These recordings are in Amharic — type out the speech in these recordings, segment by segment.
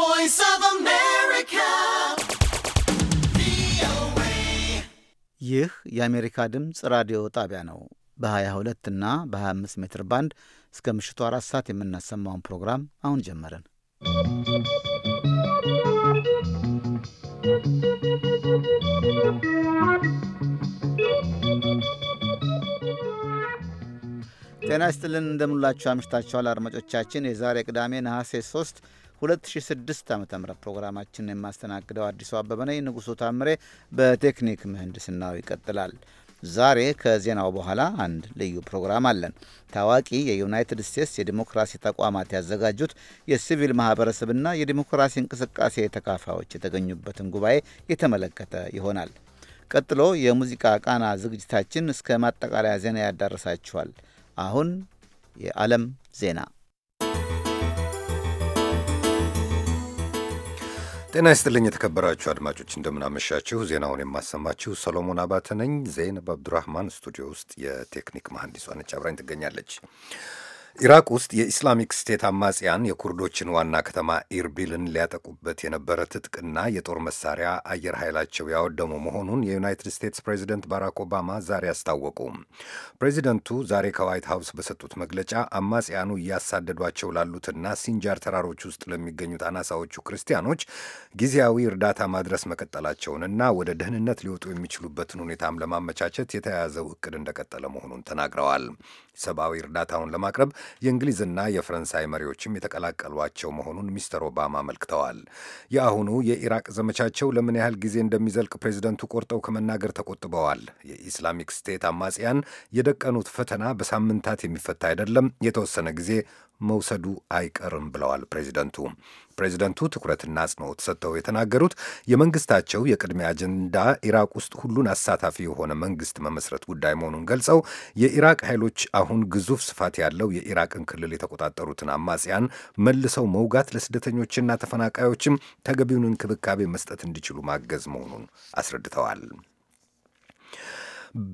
voice of America. ይህ የአሜሪካ ድምፅ ራዲዮ ጣቢያ ነው። በ22 እና በ25 ሜትር ባንድ እስከ ምሽቱ አራት ሰዓት የምናሰማውን ፕሮግራም አሁን ጀመርን። ጤና ይስጥልን እንደሙላችሁ አምሽታችኋል አድማጮቻችን። የዛሬ ቅዳሜ ነሐሴ 3 2006 ዓ ም ፕሮግራማችንን የማስተናግደው አዲሱ አበበ ነኝ። ንጉሱ ታምሬ በቴክኒክ ምህንድስናው ይቀጥላል። ዛሬ ከዜናው በኋላ አንድ ልዩ ፕሮግራም አለን። ታዋቂ የዩናይትድ ስቴትስ የዲሞክራሲ ተቋማት ያዘጋጁት የሲቪል ማህበረሰብና የዲሞክራሲ እንቅስቃሴ ተካፋዮች የተገኙበትን ጉባኤ የተመለከተ ይሆናል። ቀጥሎ የሙዚቃ ቃና ዝግጅታችን እስከ ማጠቃለያ ዜና ያዳርሳችኋል። አሁን የዓለም ዜና ጤና ይስጥልኝ የተከበራችሁ አድማጮች እንደምናመሻችሁ። ዜናውን የማሰማችሁ ሰሎሞን አባተ ነኝ። ዘይነብ አብዱራህማን ስቱዲዮ ውስጥ የቴክኒክ መሐንዲሷ ነች፣ አብራኝ ትገኛለች። ኢራቅ ውስጥ የኢስላሚክ ስቴት አማጽያን የኩርዶችን ዋና ከተማ ኢርቢልን ሊያጠቁበት የነበረ ትጥቅና የጦር መሳሪያ አየር ኃይላቸው ያወደሙ መሆኑን የዩናይትድ ስቴትስ ፕሬዚደንት ባራክ ኦባማ ዛሬ አስታወቁ። ፕሬዚደንቱ ዛሬ ከዋይት ሀውስ በሰጡት መግለጫ አማጽያኑ እያሳደዷቸው ላሉትና ሲንጃር ተራሮች ውስጥ ለሚገኙት አናሳዎቹ ክርስቲያኖች ጊዜያዊ እርዳታ ማድረስ መቀጠላቸውንና ወደ ደህንነት ሊወጡ የሚችሉበትን ሁኔታም ለማመቻቸት የተያያዘው እቅድ እንደቀጠለ መሆኑን ተናግረዋል። ሰብአዊ እርዳታውን ለማቅረብ የእንግሊዝና የፈረንሳይ መሪዎችም የተቀላቀሏቸው መሆኑን ሚስተር ኦባማ አመልክተዋል። የአሁኑ የኢራቅ ዘመቻቸው ለምን ያህል ጊዜ እንደሚዘልቅ ፕሬዚደንቱ ቆርጠው ከመናገር ተቆጥበዋል። የኢስላሚክ ስቴት አማጽያን የደቀኑት ፈተና በሳምንታት የሚፈታ አይደለም፣ የተወሰነ ጊዜ መውሰዱ አይቀርም ብለዋል ፕሬዚደንቱ። ፕሬዚደንቱ ትኩረትና አጽንኦት ሰጥተው የተናገሩት የመንግስታቸው የቅድሚያ አጀንዳ ኢራቅ ውስጥ ሁሉን አሳታፊ የሆነ መንግስት መመስረት ጉዳይ መሆኑን ገልጸው የኢራቅ ኃይሎች አሁን ግዙፍ ስፋት ያለው የኢራቅን ክልል የተቆጣጠሩትን አማጽያን መልሰው መውጋት፣ ለስደተኞችና ተፈናቃዮችም ተገቢውን እንክብካቤ መስጠት እንዲችሉ ማገዝ መሆኑን አስረድተዋል።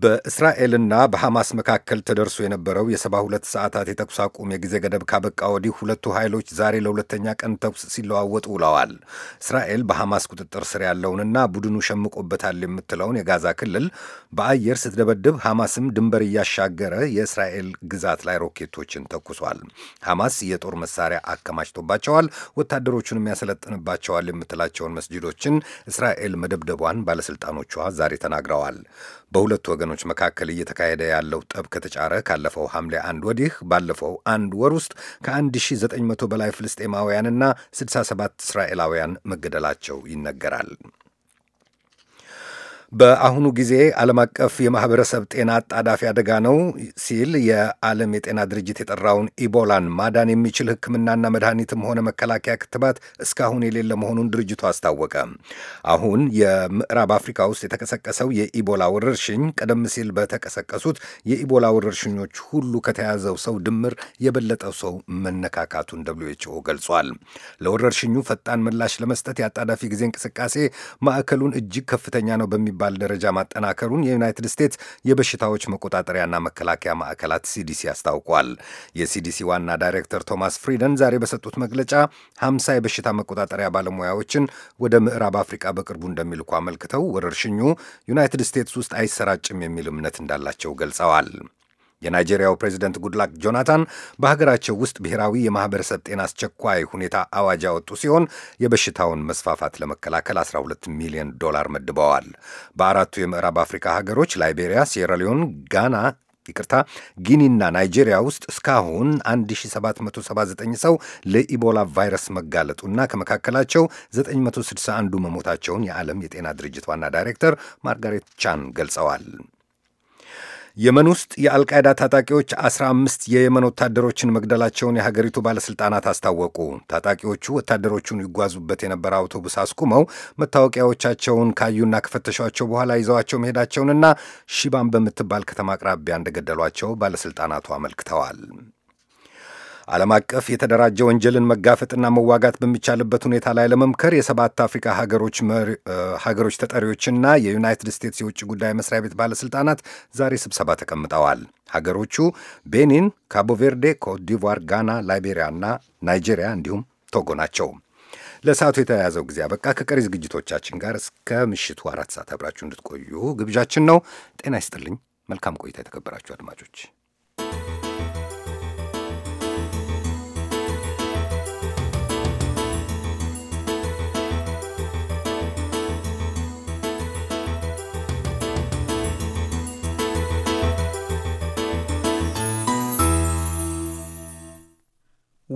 በእስራኤልና በሐማስ መካከል ተደርሶ የነበረው የሰባ ሁለት ሰዓታት የተኩስ አቁም የጊዜ ገደብ ካበቃ ወዲህ ሁለቱ ኃይሎች ዛሬ ለሁለተኛ ቀን ተኩስ ሲለዋወጡ ውለዋል። እስራኤል በሐማስ ቁጥጥር ስር ያለውንና ቡድኑ ሸምቆበታል የምትለውን የጋዛ ክልል በአየር ስትደበድብ፣ ሐማስም ድንበር እያሻገረ የእስራኤል ግዛት ላይ ሮኬቶችን ተኩሷል። ሐማስ የጦር መሳሪያ አከማችቶባቸዋል፣ ወታደሮቹንም ያሰለጥንባቸዋል የምትላቸውን መስጂዶችን እስራኤል መደብደቧን ባለሥልጣኖቿ ዛሬ ተናግረዋል። በሁለቱ ወገኖች መካከል እየተካሄደ ያለው ጠብ ከተጫረ ካለፈው ሐምሌ አንድ ወዲህ ባለፈው አንድ ወር ውስጥ ከ1900 በላይ ፍልስጤማውያንና 67 እስራኤላውያን መገደላቸው ይነገራል። በአሁኑ ጊዜ ዓለም አቀፍ የማህበረሰብ ጤና አጣዳፊ አደጋ ነው ሲል የዓለም የጤና ድርጅት የጠራውን ኢቦላን ማዳን የሚችል ሕክምናና መድኃኒትም ሆነ መከላከያ ክትባት እስካሁን የሌለ መሆኑን ድርጅቱ አስታወቀ። አሁን የምዕራብ አፍሪካ ውስጥ የተቀሰቀሰው የኢቦላ ወረርሽኝ ቀደም ሲል በተቀሰቀሱት የኢቦላ ወረርሽኞች ሁሉ ከተያዘው ሰው ድምር የበለጠው ሰው መነካካቱን ደብሊው ኤች ኦ ገልጿል። ለወረርሽኙ ፈጣን ምላሽ ለመስጠት የአጣዳፊ ጊዜ እንቅስቃሴ ማዕከሉን እጅግ ከፍተኛ ነው በሚ በሚባል ደረጃ ማጠናከሩን የዩናይትድ ስቴትስ የበሽታዎች መቆጣጠሪያና መከላከያ ማዕከላት ሲዲሲ አስታውቋል። የሲዲሲ ዋና ዳይሬክተር ቶማስ ፍሪደን ዛሬ በሰጡት መግለጫ 50 የበሽታ መቆጣጠሪያ ባለሙያዎችን ወደ ምዕራብ አፍሪቃ በቅርቡ እንደሚልኩ አመልክተው ወረርሽኙ ዩናይትድ ስቴትስ ውስጥ አይሰራጭም የሚል እምነት እንዳላቸው ገልጸዋል። የናይጄሪያው ፕሬዚደንት ጉድላክ ጆናታን በሀገራቸው ውስጥ ብሔራዊ የማህበረሰብ ጤና አስቸኳይ ሁኔታ አዋጅ ያወጡ ሲሆን የበሽታውን መስፋፋት ለመከላከል 12 ሚሊዮን ዶላር መድበዋል። በአራቱ የምዕራብ አፍሪካ ሀገሮች ላይቤሪያ፣ ሴራሊዮን፣ ጋና ይቅርታ ጊኒና ናይጄሪያ ውስጥ እስካሁን 1779 ሰው ለኢቦላ ቫይረስ መጋለጡና ከመካከላቸው 961 መሞታቸውን የዓለም የጤና ድርጅት ዋና ዳይሬክተር ማርጋሬት ቻን ገልጸዋል። የመን ውስጥ የአልቃይዳ ታጣቂዎች 15 የየመን ወታደሮችን መግደላቸውን የሀገሪቱ ባለሥልጣናት አስታወቁ። ታጣቂዎቹ ወታደሮቹን ይጓዙበት የነበረ አውቶቡስ አስቁመው መታወቂያዎቻቸውን ካዩና ከፈተሿቸው በኋላ ይዘዋቸው መሄዳቸውንና ሺባን በምትባል ከተማ አቅራቢያ እንደገደሏቸው ባለሥልጣናቱ አመልክተዋል። ዓለም አቀፍ የተደራጀ ወንጀልን መጋፈጥና መዋጋት በሚቻልበት ሁኔታ ላይ ለመምከር የሰባት አፍሪካ ሀገሮች ተጠሪዎችና የዩናይትድ ስቴትስ የውጭ ጉዳይ መስሪያ ቤት ባለሥልጣናት ዛሬ ስብሰባ ተቀምጠዋል። ሀገሮቹ ቤኒን፣ ካቦቬርዴ፣ ኮትዲቯር፣ ጋና፣ ላይቤሪያና ናይጄሪያ እንዲሁም ቶጎ ናቸው። ለሰዓቱ የተያያዘው ጊዜ አበቃ። ከቀሪ ዝግጅቶቻችን ጋር እስከ ምሽቱ አራት ሰዓት አብራችሁ እንድትቆዩ ግብዣችን ነው። ጤና ይስጥልኝ። መልካም ቆይታ የተከበራችሁ አድማጮች።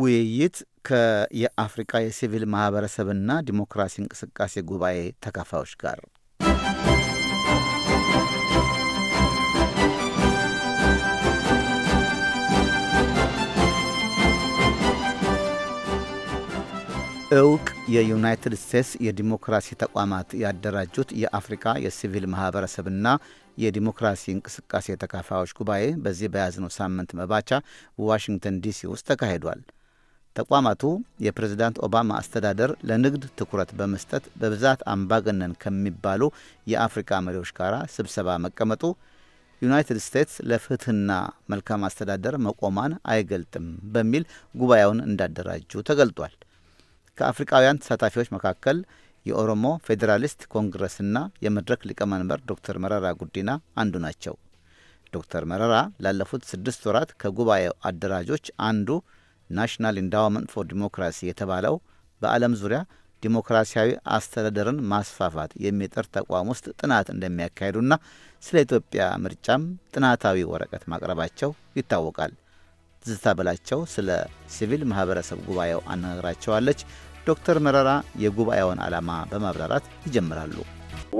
ውይይት ከየአፍሪቃ የሲቪል ማኅበረሰብና ዲሞክራሲ እንቅስቃሴ ጉባኤ ተካፋዮች ጋር እውቅ የዩናይትድ ስቴትስ የዲሞክራሲ ተቋማት ያደራጁት የአፍሪካ የሲቪል ማኅበረሰብና የዲሞክራሲ እንቅስቃሴ ተካፋዮች ጉባኤ በዚህ በያዝነው ሳምንት መባቻ ዋሽንግተን ዲሲ ውስጥ ተካሂዷል። ተቋማቱ የፕሬዝዳንት ኦባማ አስተዳደር ለንግድ ትኩረት በመስጠት በብዛት አምባገነን ከሚባሉ የአፍሪካ መሪዎች ጋር ስብሰባ መቀመጡ ዩናይትድ ስቴትስ ለፍትህና መልካም አስተዳደር መቆሟን አይገልጥም በሚል ጉባኤውን እንዳደራጁ ተገልጧል። ከአፍሪካውያን ተሳታፊዎች መካከል የኦሮሞ ፌዴራሊስት ኮንግረስና የመድረክ ሊቀመንበር ዶክተር መረራ ጉዲና አንዱ ናቸው። ዶክተር መረራ ላለፉት ስድስት ወራት ከጉባኤው አደራጆች አንዱ ናሽናል ኢንዳውመንት ፎር ዲሞክራሲ የተባለው በዓለም ዙሪያ ዲሞክራሲያዊ አስተዳደርን ማስፋፋት የሚጥር ተቋም ውስጥ ጥናት እንደሚያካሂዱና ስለ ኢትዮጵያ ምርጫም ጥናታዊ ወረቀት ማቅረባቸው ይታወቃል። ትዝታ በላቸው ስለ ሲቪል ማህበረሰብ ጉባኤው አነጋግራቸዋለች። ዶክተር መረራ የጉባኤውን ዓላማ በማብራራት ይጀምራሉ።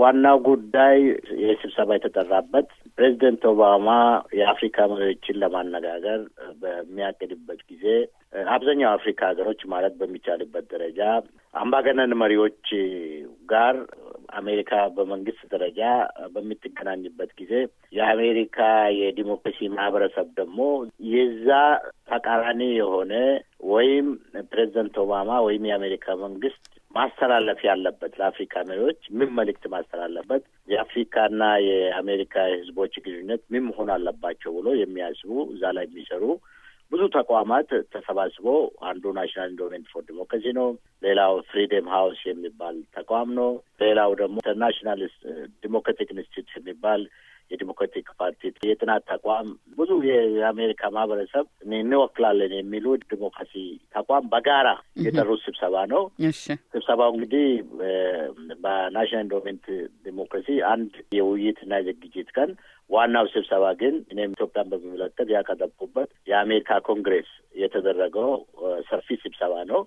ዋናው ጉዳይ ይህ ስብሰባ የተጠራበት ፕሬዚደንት ኦባማ የአፍሪካ መሪዎችን ለማነጋገር በሚያቅድበት ጊዜ አብዛኛው አፍሪካ ሀገሮች ማለት በሚቻልበት ደረጃ አምባገነን መሪዎች ጋር አሜሪካ በመንግስት ደረጃ በምትገናኝበት ጊዜ የአሜሪካ የዲሞክራሲ ማህበረሰብ ደግሞ የዛ ተቃራኒ የሆነ ወይም ፕሬዚደንት ኦባማ ወይም የአሜሪካ መንግስት ማስተላለፍ ያለበት ለአፍሪካ መሪዎች ምን መልእክት ማስተላለፍበት የአፍሪካና የአሜሪካ ህዝቦች ግንኙነት ምን መሆን አለባቸው ብሎ የሚያስቡ እዛ ላይ የሚሰሩ ብዙ ተቋማት ተሰባስቦ አንዱ ናሽናል ኢንዶሜንት ፎር ዲሞክራሲ ነው። ሌላው ፍሪደም ሀውስ የሚባል ተቋም ነው። ሌላው ደግሞ ኢንተርናሽናል ዲሞክራቲክ ኢንስቲትዩት የሚባል የዲሞክራቲክ ፓርቲ የጥናት ተቋም ብዙ የአሜሪካ ማህበረሰብ እንወክላለን የሚሉ ዲሞክራሲ ተቋም በጋራ የጠሩት ስብሰባ ነው። ስብሰባው እንግዲህ በናሽናል ኢንዶሜንት ዲሞክራሲ አንድ የውይይትና የዝግጅት ቀን ዋናው ስብሰባ ግን እኔም ኢትዮጵያን በሚመለከት ያቀረብኩበት የአሜሪካ ኮንግሬስ የተደረገው ሰፊ ስብሰባ ነው።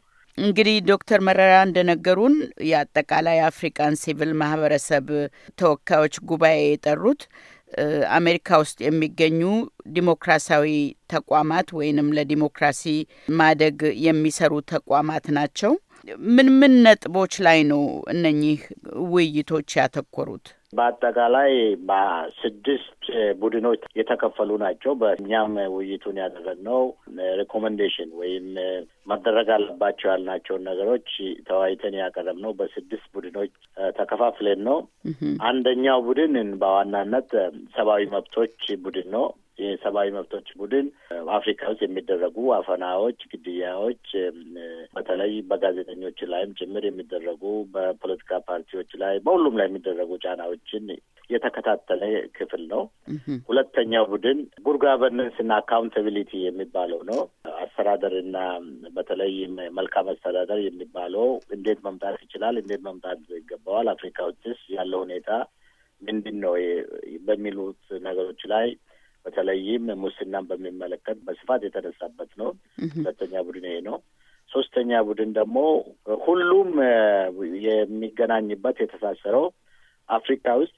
እንግዲህ ዶክተር መረራ እንደነገሩን የአጠቃላይ አፍሪካን ሲቪል ማህበረሰብ ተወካዮች ጉባኤ የጠሩት አሜሪካ ውስጥ የሚገኙ ዲሞክራሲያዊ ተቋማት ወይንም ለዲሞክራሲ ማደግ የሚሰሩ ተቋማት ናቸው። ምን ምን ነጥቦች ላይ ነው እነኚህ ውይይቶች ያተኮሩት? በአጠቃላይ በስድስት ቡድኖች የተከፈሉ ናቸው። በእኛም ውይይቱን ያደረግነው ሪኮመንዴሽን ወይም መደረግ አለባቸው ያልናቸውን ነገሮች ተወያይተን ያቀረብነው በስድስት ቡድኖች ተከፋፍለን ነው። አንደኛው ቡድን በዋናነት ሰብአዊ መብቶች ቡድን ነው። የሰብአዊ መብቶች ቡድን አፍሪካ ውስጥ የሚደረጉ አፈናዎች፣ ግድያዎች በተለይ በጋዜጠኞች ላይም ጭምር የሚደረጉ በፖለቲካ ፓርቲዎች ላይ በሁሉም ላይ የሚደረጉ ጫናዎችን የተከታተለ ክፍል ነው። ሁለተኛው ቡድን ጉድ ጋቨርነንስ እና አካውንታቢሊቲ የሚባለው ነው። አስተዳደርና በተለይ መልካም አስተዳደር የሚባለው እንዴት መምጣት ይችላል፣ እንዴት መምጣት ይገባዋል፣ አፍሪካ ውስጥ ያለው ሁኔታ ምንድን ነው በሚሉት ነገሮች ላይ በተለይም ሙስናን በሚመለከት በስፋት የተነሳበት ነው። ሁለተኛ ቡድን ይሄ ነው። ሶስተኛ ቡድን ደግሞ ሁሉም የሚገናኝበት የተሳሰረው አፍሪካ ውስጥ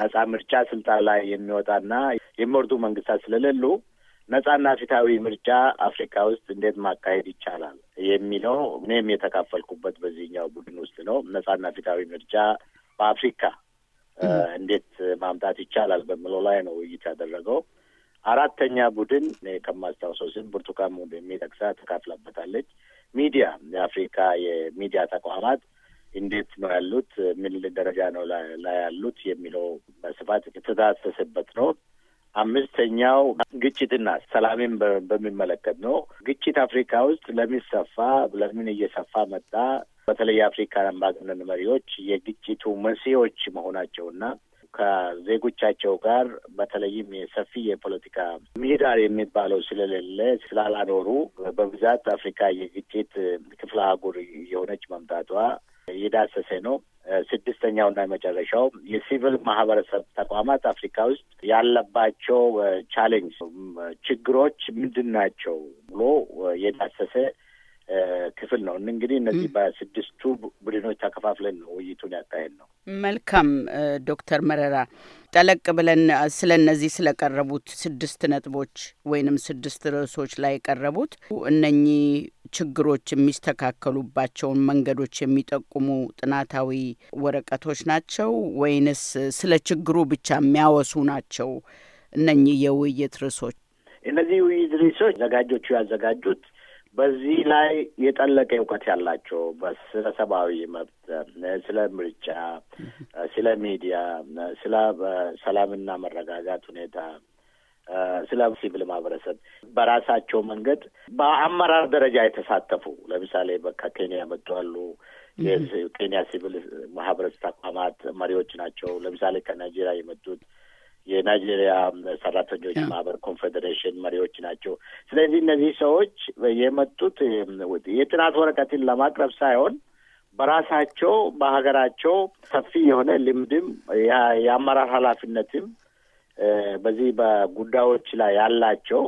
ነጻ ምርጫ ስልጣን ላይ የሚወጣና የሚወርዱ መንግስታት ስለሌሉ ነጻና ፊታዊ ምርጫ አፍሪካ ውስጥ እንዴት ማካሄድ ይቻላል የሚለው እኔም የተካፈልኩበት በዚህኛው ቡድን ውስጥ ነው። ነጻና ፊታዊ ምርጫ በአፍሪካ እንዴት ማምጣት ይቻላል በሚለው ላይ ነው ውይይት ያደረገው። አራተኛ ቡድን ከማስታውሰው ስም ብርቱካን ሙሉ የሚጠቅሳ ተካፍላበታለች። ሚዲያ የአፍሪካ የሚዲያ ተቋማት እንዴት ነው ያሉት? ምን ደረጃ ነው ላይ ያሉት የሚለው በስፋት የተዳሰሰበት ነው። አምስተኛው ግጭትና ሰላምን በሚመለከት ነው። ግጭት አፍሪካ ውስጥ ለሚሰፋ ለምን እየሰፋ መጣ? በተለይ የአፍሪካ አምባገነን መሪዎች የግጭቱ መንስኤዎች መሆናቸውና ከዜጎቻቸው ጋር በተለይም የሰፊ የፖለቲካ ምህዳር የሚባለው ስለሌለ ስላላኖሩ በብዛት አፍሪካ የግጭት ክፍለ አህጉር የሆነች መምጣቷ የዳሰሰ ነው። ስድስተኛውና የመጨረሻው የሲቪል ማህበረሰብ ተቋማት አፍሪካ ውስጥ ያለባቸው ቻሌንጅ ችግሮች ምንድን ናቸው ብሎ የዳሰሰ ክፍል ነው። እንግዲህ እነዚህ በስድስቱ ቡድኖች ተከፋፍለን ነው ውይይቱን ያካሄድ ነው። መልካም ዶክተር መረራ ጠለቅ ብለን ስለ እነዚህ ስለቀረቡት ስድስት ነጥቦች ወይንም ስድስት ርዕሶች ላይ የቀረቡት እነኚህ ችግሮች የሚስተካከሉባቸውን መንገዶች የሚጠቁሙ ጥናታዊ ወረቀቶች ናቸው ወይንስ ስለ ችግሩ ብቻ የሚያወሱ ናቸው? እነኚህ የውይይት ርዕሶች እነዚህ ውይይት ርዕሶች ዘጋጆቹ ያዘጋጁት በዚህ ላይ የጠለቀ እውቀት ያላቸው ስለ ሰብአዊ መብት፣ ስለ ምርጫ፣ ስለ ሚዲያ፣ ስለ ሰላምና መረጋጋት ሁኔታ፣ ስለ ሲቪል ማህበረሰብ በራሳቸው መንገድ በአመራር ደረጃ የተሳተፉ ለምሳሌ ከኬንያ መጡ አሉ። የኬንያ ሲቪል ማህበረሰብ ተቋማት መሪዎች ናቸው። ለምሳሌ ከናይጄሪያ የመጡት የናይጄሪያ ሰራተኞች ማህበር ኮንፌዴሬሽን መሪዎች ናቸው። ስለዚህ እነዚህ ሰዎች የመጡት የጥናት ወረቀትን ለማቅረብ ሳይሆን በራሳቸው በሀገራቸው ሰፊ የሆነ ልምድም የአመራር ኃላፊነትም በዚህ በጉዳዮች ላይ ያላቸው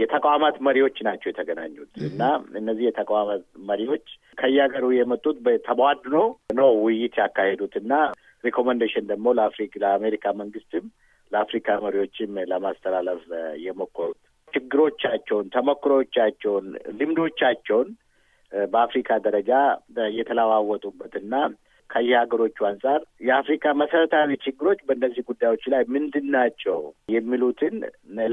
የተቋማት መሪዎች ናቸው የተገናኙት እና እነዚህ የተቋማት መሪዎች ከየሀገሩ የመጡት ተቧድኖ ነው ውይይት ያካሄዱት እና ሪኮመንዴሽን ደግሞ ለአፍሪካ ለአሜሪካ መንግስትም ለአፍሪካ መሪዎችም ለማስተላለፍ የሞከሩት ችግሮቻቸውን፣ ተሞክሮቻቸውን፣ ልምዶቻቸውን በአፍሪካ ደረጃ የተለዋወጡበትና ከየሀገሮቹ አንጻር የአፍሪካ መሰረታዊ ችግሮች በእነዚህ ጉዳዮች ላይ ምንድን ናቸው የሚሉትን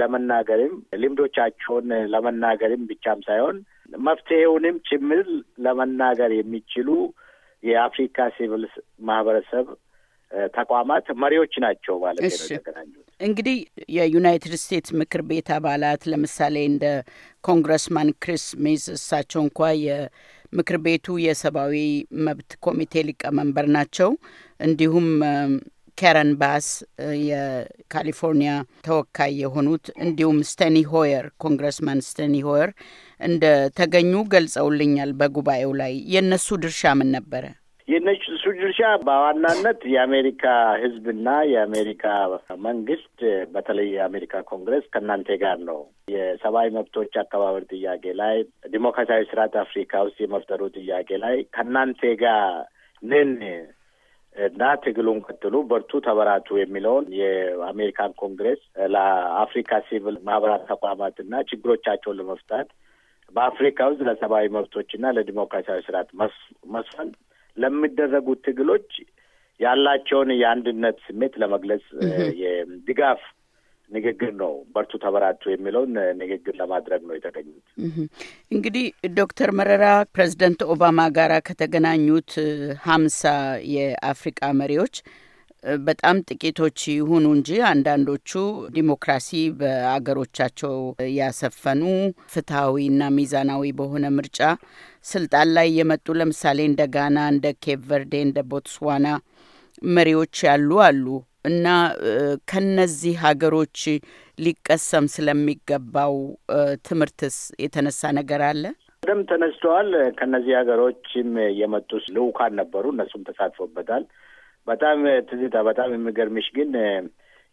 ለመናገርም ልምዶቻቸውን ለመናገርም ብቻም ሳይሆን መፍትሄውንም ጭምር ለመናገር የሚችሉ የአፍሪካ ሲቪል ማህበረሰብ ተቋማት መሪዎች ናቸው ማለት ነው የተገናኙት። እንግዲህ የዩናይትድ ስቴትስ ምክር ቤት አባላት ለምሳሌ እንደ ኮንግረስማን ክሪስ ሚዝ እሳቸው እንኳ የምክር ቤቱ የሰብአዊ መብት ኮሚቴ ሊቀመንበር ናቸው። እንዲሁም ካረን ባስ የካሊፎርኒያ ተወካይ የሆኑት እንዲሁም ስተኒ ሆየር ኮንግረስማን ስተኒ ሆየር እንደ ተገኙ ገልጸውልኛል በጉባኤው ላይ። የእነሱ ድርሻ ምን ነበረ? የነሱ ድርሻ በዋናነት የአሜሪካ ህዝብና የአሜሪካ መንግስት በተለይ የአሜሪካ ኮንግረስ ከእናንተ ጋር ነው የሰብአዊ መብቶች አከባበር ጥያቄ ላይ ዲሞክራሲያዊ ስርዓት አፍሪካ ውስጥ የመፍጠሩ ጥያቄ ላይ ከእናንተ ጋር ነን እና ትግሉን ቀጥሉ፣ በርቱ፣ ተበራቱ የሚለውን የአሜሪካን ኮንግረስ ለአፍሪካ ሲቪል ማህበራት ተቋማትና ችግሮቻቸውን ለመፍታት በአፍሪካ ውስጥ ለሰብአዊ መብቶችና ለዲሞክራሲያዊ ስርዓት መስፈን ለሚደረጉት ትግሎች ያላቸውን የአንድነት ስሜት ለመግለጽ የድጋፍ ንግግር ነው። በርቱ ተበራቱ የሚለውን ንግግር ለማድረግ ነው የተገኙት። እንግዲህ ዶክተር መረራ ፕሬዚደንት ኦባማ ጋር ከተገናኙት ሀምሳ የአፍሪቃ መሪዎች በጣም ጥቂቶች ይሁኑ እንጂ አንዳንዶቹ ዲሞክራሲ በአገሮቻቸው ያሰፈኑ ፍትሐዊና ሚዛናዊ በሆነ ምርጫ ስልጣን ላይ የመጡ ለምሳሌ እንደ ጋና፣ እንደ ኬፕ ቨርዴ፣ እንደ ቦትስዋና መሪዎች ያሉ አሉ እና ከነዚህ ሀገሮች ሊቀሰም ስለሚገባው ትምህርትስ የተነሳ ነገር አለ? ደም ተነስተዋል። ከነዚህ ሀገሮችም የመጡ ልዑካን ነበሩ። እነሱም ተሳትፎበታል። በጣም ትዝታ በጣም የሚገርምሽ ግን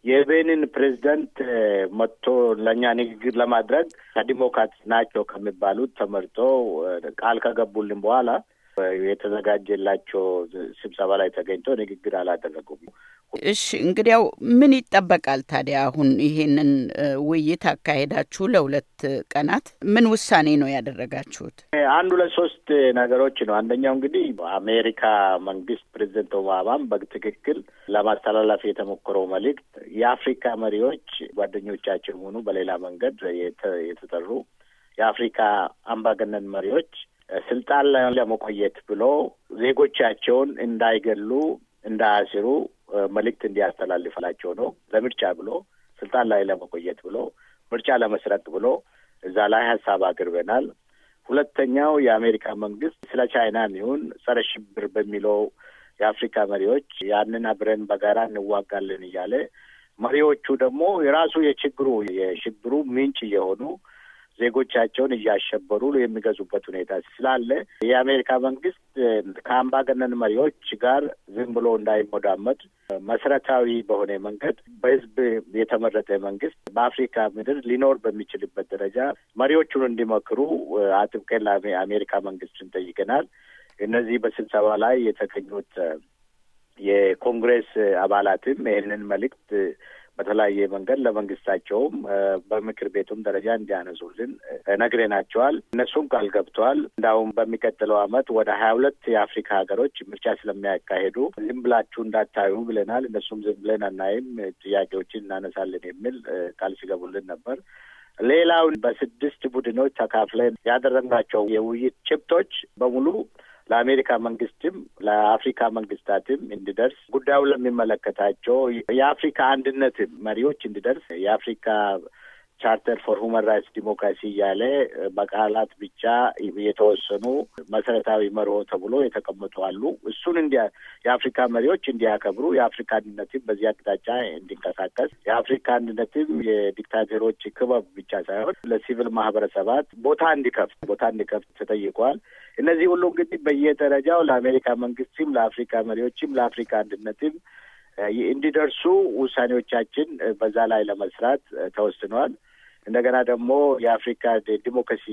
የቤኒን ፕሬዚደንት መጥቶ ለእኛ ንግግር ለማድረግ ከዲሞክራት ናቸው ከሚባሉት ተመርጦ ቃል ከገቡልን በኋላ የተዘጋጀላቸው ስብሰባ ላይ ተገኝተው ንግግር አላደረጉም። እሺ እንግዲያው ምን ይጠበቃል ታዲያ? አሁን ይሄንን ውይይት አካሄዳችሁ ለሁለት ቀናት ምን ውሳኔ ነው ያደረጋችሁት? አንድ ሁለት ሶስት ነገሮች ነው። አንደኛው እንግዲህ አሜሪካ መንግስት ፕሬዚደንት ኦባማን በትክክል ለማስተላለፍ የተሞከረው መልእክት የአፍሪካ መሪዎች ጓደኞቻችን ሆኑ በሌላ መንገድ የተጠሩ የአፍሪካ አምባገነን መሪዎች ስልጣን ላይ ለመቆየት ብሎ ዜጎቻቸውን እንዳይገሉ፣ እንዳያስሩ መልእክት እንዲያስተላልፈላቸው ነው። ለምርጫ ብሎ ስልጣን ላይ ለመቆየት ብሎ ምርጫ ለመስረቅ ብሎ እዛ ላይ ሀሳብ አቅርበናል። ሁለተኛው የአሜሪካ መንግስት ስለ ቻይና ይሁን ጸረ ሽብር በሚለው የአፍሪካ መሪዎች ያንን አብረን በጋራ እንዋጋለን እያለ መሪዎቹ ደግሞ የራሱ የችግሩ የሽብሩ ምንጭ የሆኑ ዜጎቻቸውን እያሸበሩ የሚገዙበት ሁኔታ ስላለ የአሜሪካ መንግስት ከአምባገነን መሪዎች ጋር ዝም ብሎ እንዳይሞዳመድ መሰረታዊ በሆነ መንገድ በህዝብ የተመረጠ መንግስት በአፍሪካ ምድር ሊኖር በሚችልበት ደረጃ መሪዎቹን እንዲመክሩ አጥብቀን ለአሜሪካ መንግስትን ጠይቀናል። እነዚህ በስብሰባ ላይ የተገኙት የኮንግሬስ አባላትም ይህንን መልእክት በተለያየ መንገድ ለመንግስታቸውም በምክር ቤቱም ደረጃ እንዲያነሱልን ነግሬናቸዋል። እነሱም ቃል ገብተዋል። እንዳውም በሚቀጥለው አመት ወደ ሀያ ሁለት የአፍሪካ ሀገሮች ምርጫ ስለሚያካሄዱ ዝም ብላችሁ እንዳታዩ ብለናል። እነሱም ዝም ብለን አናይም፣ ጥያቄዎችን እናነሳለን የሚል ቃል ሲገቡልን ነበር። ሌላውን በስድስት ቡድኖች ተካፍለን ያደረግናቸው የውይይት ጭብጦች በሙሉ ለአሜሪካ መንግስትም ለአፍሪካ መንግስታትም እንዲደርስ ጉዳዩ ለሚመለከታቸው የአፍሪካ አንድነት መሪዎች እንዲደርስ የአፍሪካ ቻርተር ፎር ሁማን ራይትስ ዲሞክራሲ እያለ በቃላት ብቻ የተወሰኑ መሰረታዊ መርሆ ተብሎ የተቀመጡ አሉ። እሱን እንዲ የአፍሪካ መሪዎች እንዲያከብሩ የአፍሪካ አንድነትም በዚህ አቅጣጫ እንዲንቀሳቀስ የአፍሪካ አንድነትም የዲክታተሮች ክበብ ብቻ ሳይሆን ለሲቪል ማህበረሰባት ቦታ እንዲከፍት ቦታ እንዲከፍት ተጠይቋል። እነዚህ ሁሉ እንግዲህ በየደረጃው ለአሜሪካ መንግስትም፣ ለአፍሪካ መሪዎችም፣ ለአፍሪካ አንድነትም እንዲደርሱ ውሳኔዎቻችን በዛ ላይ ለመስራት ተወስኗል እንደገና ደግሞ የአፍሪካ ዲሞክራሲ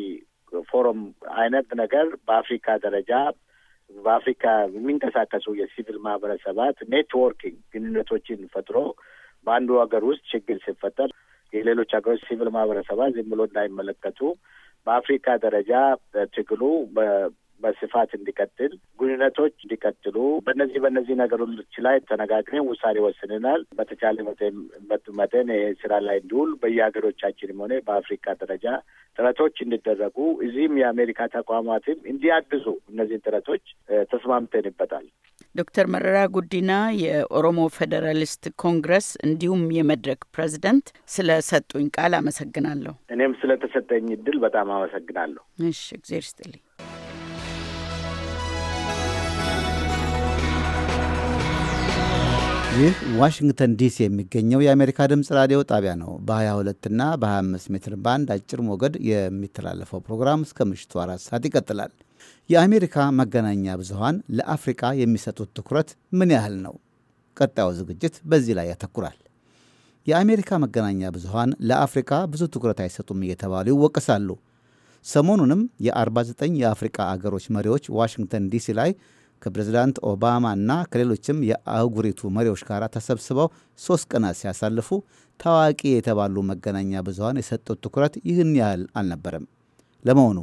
ፎረም አይነት ነገር በአፍሪካ ደረጃ በአፍሪካ የሚንቀሳቀሱ የሲቪል ማህበረሰባት ኔትወርኪንግ ግንኙነቶችን ፈጥሮ በአንዱ ሀገር ውስጥ ችግር ሲፈጠር የሌሎች ሀገሮች ሲቪል ማህበረሰባት ዝም ብሎ እንዳይመለከቱ በአፍሪካ ደረጃ ትግሉ በስፋት እንዲቀጥል፣ ግንኙነቶች እንዲቀጥሉ በነዚህ በነዚህ ነገሮች ላይ ተነጋግረን ውሳኔ ወስንናል። በተቻለ መጠን ይሄ ስራ ላይ እንዲውል በየሀገሮቻችንም ሆነ በአፍሪካ ደረጃ ጥረቶች እንዲደረጉ እዚህም የአሜሪካ ተቋማትም እንዲያግዙ እነዚህን ጥረቶች ተስማምተንበታል። ዶክተር መረራ ጉዲና የኦሮሞ ፌዴራሊስት ኮንግረስ እንዲሁም የመድረክ ፕሬዚደንት ስለ ሰጡኝ ቃል አመሰግናለሁ። እኔም ስለተሰጠኝ እድል በጣም አመሰግናለሁ። እሺ፣ እግዜር ይስጥልኝ። ይህ ዋሽንግተን ዲሲ የሚገኘው የአሜሪካ ድምፅ ራዲዮ ጣቢያ ነው። በ22 እና በ25 ሜትር ባንድ አጭር ሞገድ የሚተላለፈው ፕሮግራም እስከ ምሽቱ አራት ሰዓት ይቀጥላል። የአሜሪካ መገናኛ ብዙሃን ለአፍሪቃ የሚሰጡት ትኩረት ምን ያህል ነው? ቀጣዩ ዝግጅት በዚህ ላይ ያተኩራል። የአሜሪካ መገናኛ ብዙሃን ለአፍሪካ ብዙ ትኩረት አይሰጡም እየተባሉ ይወቀሳሉ። ሰሞኑንም የ49 የአፍሪቃ አገሮች መሪዎች ዋሽንግተን ዲሲ ላይ ከፕሬዚዳንት ኦባማና ከሌሎችም የአህጉሪቱ መሪዎች ጋር ተሰብስበው ሶስት ቀናት ሲያሳልፉ ታዋቂ የተባሉ መገናኛ ብዙሀን የሰጡት ትኩረት ይህን ያህል አልነበረም። ለመሆኑ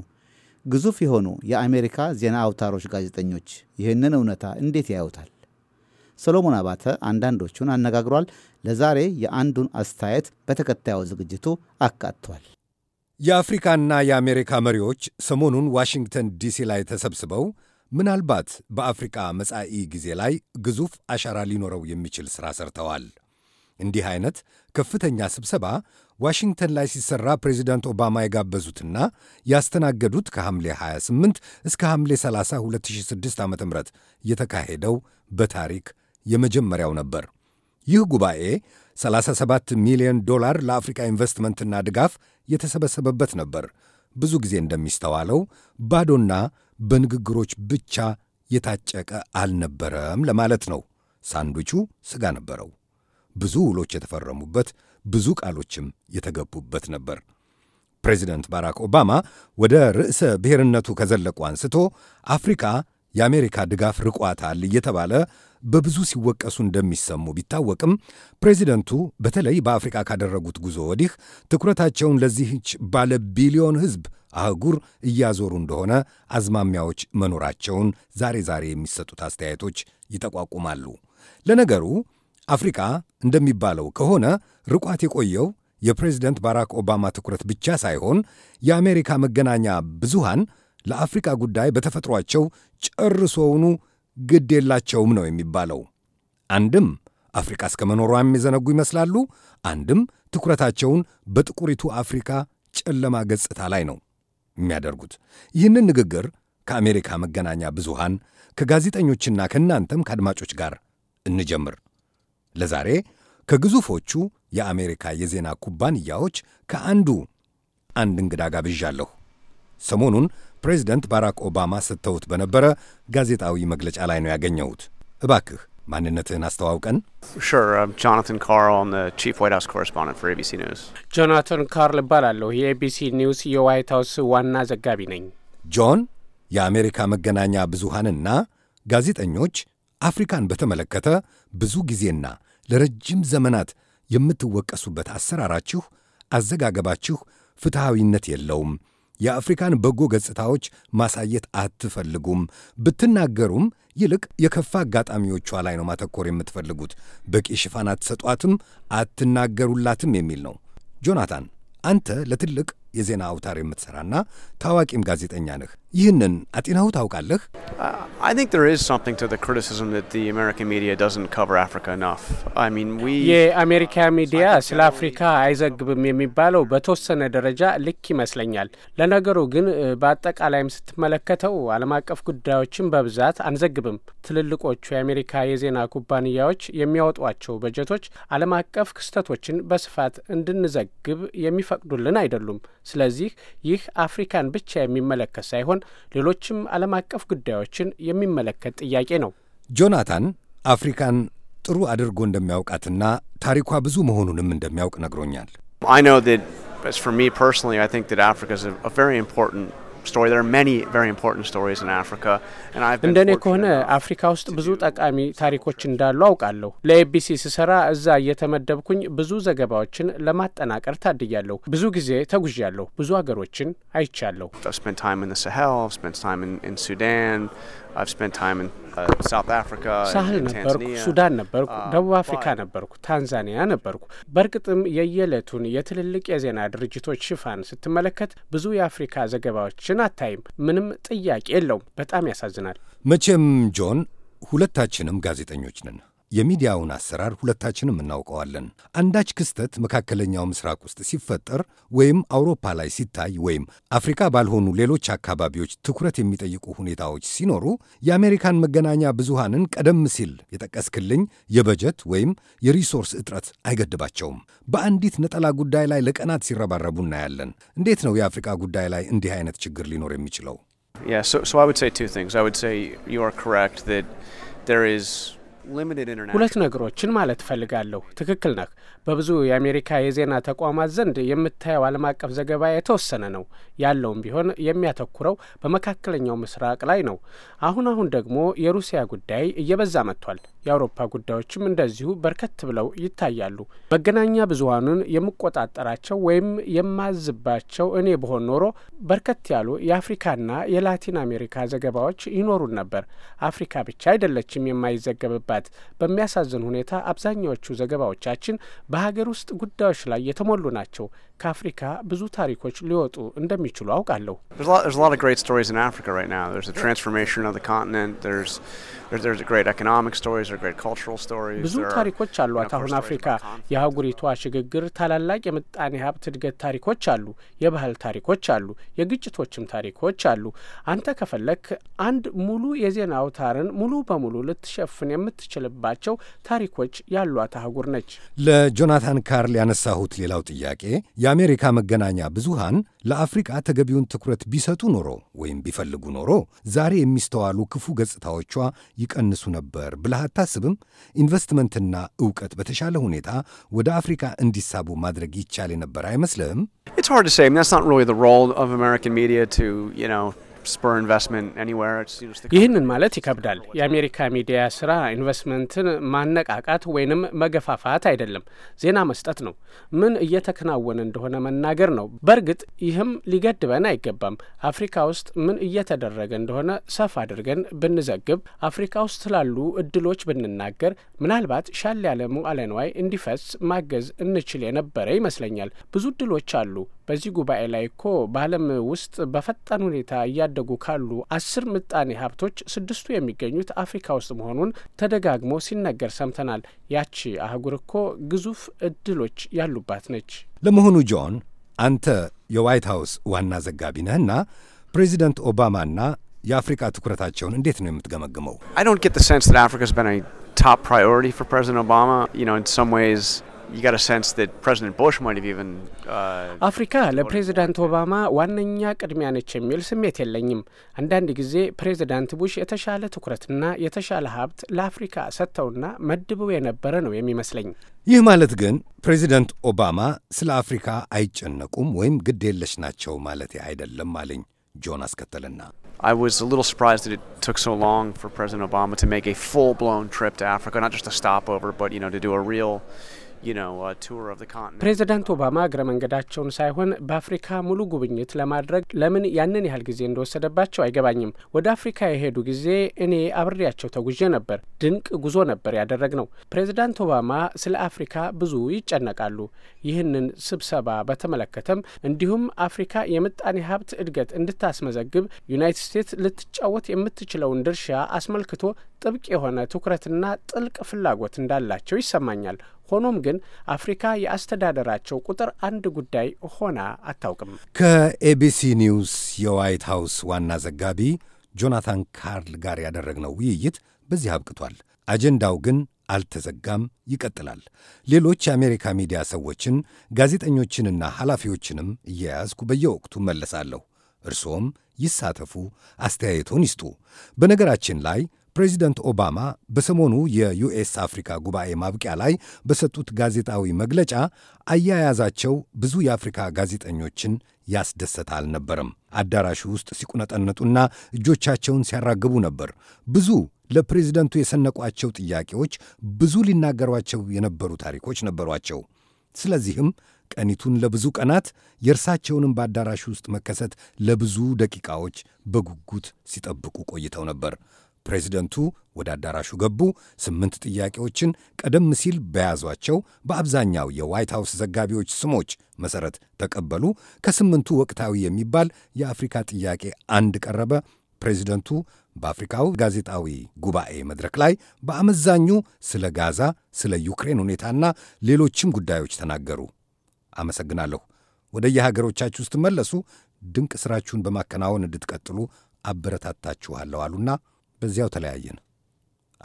ግዙፍ የሆኑ የአሜሪካ ዜና አውታሮች ጋዜጠኞች ይህንን እውነታ እንዴት ያዩታል? ሰሎሞን አባተ አንዳንዶቹን አነጋግሯል። ለዛሬ የአንዱን አስተያየት በተከታዩ ዝግጅቱ አካቷል። የአፍሪካና የአሜሪካ መሪዎች ሰሞኑን ዋሽንግተን ዲሲ ላይ ተሰብስበው ምናልባት በአፍሪቃ መጻኢ ጊዜ ላይ ግዙፍ አሻራ ሊኖረው የሚችል ሥራ ሰርተዋል። እንዲህ አይነት ከፍተኛ ስብሰባ ዋሽንግተን ላይ ሲሰራ ፕሬዚዳንት ኦባማ የጋበዙትና ያስተናገዱት ከሐምሌ 28 እስከ ሐምሌ 30 2006 ዓ ም የተካሄደው በታሪክ የመጀመሪያው ነበር። ይህ ጉባኤ 37 ሚሊዮን ዶላር ለአፍሪካ ኢንቨስትመንትና ድጋፍ የተሰበሰበበት ነበር። ብዙ ጊዜ እንደሚስተዋለው ባዶና በንግግሮች ብቻ የታጨቀ አልነበረም ለማለት ነው። ሳንዱቹ ሥጋ ነበረው። ብዙ ውሎች የተፈረሙበት፣ ብዙ ቃሎችም የተገቡበት ነበር። ፕሬዚደንት ባራክ ኦባማ ወደ ርዕሰ ብሔርነቱ ከዘለቁ አንስቶ አፍሪካ የአሜሪካ ድጋፍ ርቋታል እየተባለ በብዙ ሲወቀሱ እንደሚሰሙ ቢታወቅም ፕሬዚደንቱ በተለይ በአፍሪካ ካደረጉት ጉዞ ወዲህ ትኩረታቸውን ለዚህች ባለ ቢሊዮን ሕዝብ አህጉር እያዞሩ እንደሆነ አዝማሚያዎች መኖራቸውን ዛሬ ዛሬ የሚሰጡት አስተያየቶች ይጠቋቁማሉ። ለነገሩ አፍሪካ እንደሚባለው ከሆነ ርቋት የቆየው የፕሬዚደንት ባራክ ኦባማ ትኩረት ብቻ ሳይሆን የአሜሪካ መገናኛ ብዙሃን ለአፍሪካ ጉዳይ በተፈጥሯቸው ጨርሶውኑ ግድ የላቸውም ነው የሚባለው። አንድም አፍሪካ እስከ መኖሯ የሚዘነጉ ይመስላሉ፣ አንድም ትኩረታቸውን በጥቁሪቱ አፍሪካ ጨለማ ገጽታ ላይ ነው። የሚያደርጉት። ይህንን ንግግር ከአሜሪካ መገናኛ ብዙሃን ከጋዜጠኞችና ከእናንተም ከአድማጮች ጋር እንጀምር። ለዛሬ ከግዙፎቹ የአሜሪካ የዜና ኩባንያዎች ከአንዱ አንድ እንግዳ ጋብዣለሁ። ሰሞኑን ፕሬዚደንት ባራክ ኦባማ ሰጥተውት በነበረ ጋዜጣዊ መግለጫ ላይ ነው ያገኘሁት። እባክህ ማንነትህን አስተዋውቀን። ጆናታን ካርል ቺፍ ዋይት ሀውስ ኮረስፖንደንት ፎር ኤቢሲ ኒውስ። ጆናታን ካርል እባላለሁ። የኤቢሲ ኒውስ የዋይት ሀውስ ዋና ዘጋቢ ነኝ። ጆን የአሜሪካ መገናኛ ብዙሃንና ጋዜጠኞች አፍሪካን በተመለከተ ብዙ ጊዜና ለረጅም ዘመናት የምትወቀሱበት አሰራራችሁ፣ አዘጋገባችሁ ፍትሐዊነት የለውም የአፍሪካን በጎ ገጽታዎች ማሳየት አትፈልጉም። ብትናገሩም ይልቅ የከፋ አጋጣሚዎቿ ላይ ነው ማተኮር የምትፈልጉት። በቂ ሽፋን አትሰጧትም፣ አትናገሩላትም የሚል ነው። ጆናታን፣ አንተ ለትልቅ የዜና አውታር የምትሠራና ታዋቂም ጋዜጠኛ ነህ። ይህንን አጤናው ታውቃለህ? Uh, የአሜሪካ ሚዲያ ስለ አፍሪካ አይዘግብም የሚባለው በተወሰነ ደረጃ ልክ ይመስለኛል። ለነገሩ ግን uh, በአጠቃላይም ስትመለከተው ዓለም አቀፍ ጉዳዮችን በብዛት አንዘግብም። ትልልቆቹ የአሜሪካ የዜና ኩባንያዎች የሚያወጧቸው በጀቶች ዓለም አቀፍ ክስተቶችን በስፋት እንድንዘግብ የሚፈቅዱልን አይደሉም። ስለዚህ ይህ አፍሪካን ብቻ የሚመለከት ሳይሆን ሲሆን ሌሎችም ዓለም አቀፍ ጉዳዮችን የሚመለከት ጥያቄ ነው። ጆናታን አፍሪካን ጥሩ አድርጎ እንደሚያውቃትና ታሪኳ ብዙ መሆኑንም እንደሚያውቅ ነግሮኛል። I እንደኔ ከሆነ አፍሪካ ውስጥ ብዙ ጠቃሚ ታሪኮች እንዳሉ አውቃለሁ። ለኤቢሲ ስሰራ እዛ እየተመደብኩኝ ብዙ ዘገባዎችን ለማጠናቀር ታድያለሁ። ብዙ ጊዜ ተጉዣለሁ። ብዙ ሀገሮችን አይቻለሁ። Uh, ሳህል ነበርኩ፣ ሱዳን ነበርኩ፣ uh, ደቡብ አፍሪካ ነበርኩ፣ ታንዛኒያ ነበርኩ። በእርግጥም የየዕለቱን የትልልቅ የዜና ድርጅቶች ሽፋን ስትመለከት ብዙ የአፍሪካ ዘገባዎችን አታይም። ምንም ጥያቄ የለውም። በጣም ያሳዝናል። መቼም ጆን፣ ሁለታችንም ጋዜጠኞች ነን። የሚዲያውን አሰራር ሁለታችንም እናውቀዋለን። አንዳች ክስተት መካከለኛው ምስራቅ ውስጥ ሲፈጠር ወይም አውሮፓ ላይ ሲታይ ወይም አፍሪካ ባልሆኑ ሌሎች አካባቢዎች ትኩረት የሚጠይቁ ሁኔታዎች ሲኖሩ የአሜሪካን መገናኛ ብዙሃንን ቀደም ሲል የጠቀስክልኝ የበጀት ወይም የሪሶርስ እጥረት አይገድባቸውም። በአንዲት ነጠላ ጉዳይ ላይ ለቀናት ሲረባረቡ እናያለን። እንዴት ነው የአፍሪካ ጉዳይ ላይ እንዲህ አይነት ችግር ሊኖር የሚችለው? Yeah, so, so I would say two things. I would say you are correct that there is ሁለት ነገሮችን ማለት እፈልጋለሁ። ትክክል ነህ። በብዙ የአሜሪካ የዜና ተቋማት ዘንድ የምታየው ዓለም አቀፍ ዘገባ የተወሰነ ነው። ያለውም ቢሆን የሚያተኩረው በመካከለኛው ምስራቅ ላይ ነው። አሁን አሁን ደግሞ የሩሲያ ጉዳይ እየበዛ መጥቷል። የአውሮፓ ጉዳዮችም እንደዚሁ በርከት ብለው ይታያሉ። መገናኛ ብዙሀኑን የምቆጣጠራቸው ወይም የማዝባቸው እኔ ብሆን ኖሮ በርከት ያሉ የአፍሪካና የላቲን አሜሪካ ዘገባዎች ይኖሩን ነበር። አፍሪካ ብቻ አይደለችም የማይዘገብባት። በሚያሳዝን ሁኔታ አብዛኛዎቹ ዘገባዎቻችን በሀገር ውስጥ ጉዳዮች ላይ የተሞሉ ናቸው። ከአፍሪካ ብዙ ታሪኮች ሊወጡ እንደሚችሉ አውቃለሁ። ብዙ ታሪኮች አሏት። አሁን አፍሪካ የአህጉሪቷ ሽግግር፣ ታላላቅ የምጣኔ ሀብት እድገት ታሪኮች አሉ። የባህል ታሪኮች አሉ። የግጭቶችም ታሪኮች አሉ። አንተ ከፈለክ አንድ ሙሉ የዜና አውታርን ሙሉ በሙሉ ልትሸፍን የምትችልባቸው ታሪኮች ያሏት አህጉር ነች። ጆናታን ካርል ያነሳሁት ሌላው ጥያቄ የአሜሪካ መገናኛ ብዙሃን ለአፍሪቃ ተገቢውን ትኩረት ቢሰጡ ኖሮ ወይም ቢፈልጉ ኖሮ ዛሬ የሚስተዋሉ ክፉ ገጽታዎቿ ይቀንሱ ነበር ብለህ አታስብም? ኢንቨስትመንትና እውቀት በተሻለ ሁኔታ ወደ አፍሪካ እንዲሳቡ ማድረግ ይቻል የነበር አይመስልህም? ይህንን ማለት ይከብዳል። የአሜሪካ ሚዲያ ስራ ኢንቨስትመንትን ማነቃቃት ወይንም መገፋፋት አይደለም፣ ዜና መስጠት ነው። ምን እየተከናወነ እንደሆነ መናገር ነው። በእርግጥ ይህም ሊገድበን አይገባም። አፍሪካ ውስጥ ምን እየተደረገ እንደሆነ ሰፍ አድርገን ብንዘግብ፣ አፍሪካ ውስጥ ስላሉ እድሎች ብንናገር፣ ምናልባት ሻል ያለ መዋለ ንዋይ እንዲፈስ ማገዝ እንችል የነበረ ይመስለኛል። ብዙ እድሎች አሉ። በዚህ ጉባኤ ላይ እኮ በዓለም ውስጥ በፈጣን ሁኔታ እያደጉ ካሉ አስር ምጣኔ ሀብቶች ስድስቱ የሚገኙት አፍሪካ ውስጥ መሆኑን ተደጋግሞ ሲነገር ሰምተናል። ያቺ አህጉር እኮ ግዙፍ እድሎች ያሉባት ነች። ለመሆኑ ጆን፣ አንተ የዋይት ሀውስ ዋና ዘጋቢ ነህና ፕሬዚደንት ኦባማና የአፍሪቃ ትኩረታቸውን እንዴት ነው የምትገመግመው? you got a sense that President Bush might have even አፍሪካ ለፕሬዝዳንት ኦባማ ዋነኛ ቅድሚያ ነች የሚል ስሜት የለኝም። አንዳንድ ጊዜ ፕሬዝዳንት ቡሽ የተሻለ ትኩረትና የተሻለ ሀብት ለአፍሪካ ሰጥተውና መድበው የነበረ ነው የሚመስለኝ። ይህ ማለት ግን ፕሬዝዳንት ኦባማ ስለ አፍሪካ አይጨነቁም ወይም ግድ የለሽ ናቸው ማለት አይደለም አለኝ። ጆን አስከተልና I was a little surprised that it took so long for President Obama to make a full-blown trip to Africa, not just a stopover, but you know, to do a real ፕሬዚዳንት ኦባማ እግረ መንገዳቸውን ሳይሆን በአፍሪካ ሙሉ ጉብኝት ለማድረግ ለምን ያንን ያህል ጊዜ እንደወሰደባቸው አይገባኝም። ወደ አፍሪካ የሄዱ ጊዜ እኔ አብሬያቸው ተጉዤ ነበር። ድንቅ ጉዞ ነበር ያደረግ ነው። ፕሬዚዳንት ኦባማ ስለ አፍሪካ ብዙ ይጨነቃሉ። ይህንን ስብሰባ በተመለከተም እንዲሁም አፍሪካ የምጣኔ ሀብት እድገት እንድታስመዘግብ ዩናይትድ ስቴትስ ልትጫወት የምትችለውን ድርሻ አስመልክቶ ጥብቅ የሆነ ትኩረትና ጥልቅ ፍላጎት እንዳላቸው ይሰማኛል። ሆኖም ግን አፍሪካ የአስተዳደራቸው ቁጥር አንድ ጉዳይ ሆና አታውቅም። ከኤቢሲ ኒውስ የዋይት ሃውስ ዋና ዘጋቢ ጆናታን ካርል ጋር ያደረግነው ውይይት በዚህ አብቅቷል። አጀንዳው ግን አልተዘጋም፣ ይቀጥላል። ሌሎች የአሜሪካ ሚዲያ ሰዎችን ጋዜጠኞችንና ኃላፊዎችንም እየያዝኩ በየወቅቱ መለሳለሁ። እርስዎም ይሳተፉ፣ አስተያየቶን ይስጡ። በነገራችን ላይ ፕሬዚደንት ኦባማ በሰሞኑ የዩኤስ አፍሪካ ጉባኤ ማብቂያ ላይ በሰጡት ጋዜጣዊ መግለጫ አያያዛቸው ብዙ የአፍሪካ ጋዜጠኞችን ያስደሰተ አልነበረም። አዳራሹ ውስጥ ሲቁነጠነጡና እጆቻቸውን ሲያራግቡ ነበር። ብዙ ለፕሬዚደንቱ የሰነቋቸው ጥያቄዎች፣ ብዙ ሊናገሯቸው የነበሩ ታሪኮች ነበሯቸው። ስለዚህም ቀኒቱን ለብዙ ቀናት የእርሳቸውንም በአዳራሹ ውስጥ መከሰት ለብዙ ደቂቃዎች በጉጉት ሲጠብቁ ቆይተው ነበር። ፕሬዚደንቱ ወደ አዳራሹ ገቡ። ስምንት ጥያቄዎችን ቀደም ሲል በያዟቸው በአብዛኛው የዋይት ሃውስ ዘጋቢዎች ስሞች መሠረት ተቀበሉ። ከስምንቱ ወቅታዊ የሚባል የአፍሪካ ጥያቄ አንድ ቀረበ። ፕሬዚደንቱ በአፍሪካው ጋዜጣዊ ጉባኤ መድረክ ላይ በአመዛኙ ስለ ጋዛ፣ ስለ ዩክሬን ሁኔታና ሌሎችም ጉዳዮች ተናገሩ። አመሰግናለሁ። ወደ የሀገሮቻችሁ ስትመለሱ ድንቅ ሥራችሁን በማከናወን እንድትቀጥሉ አበረታታችኋለሁ አሉና በዚያው ተለያየን፣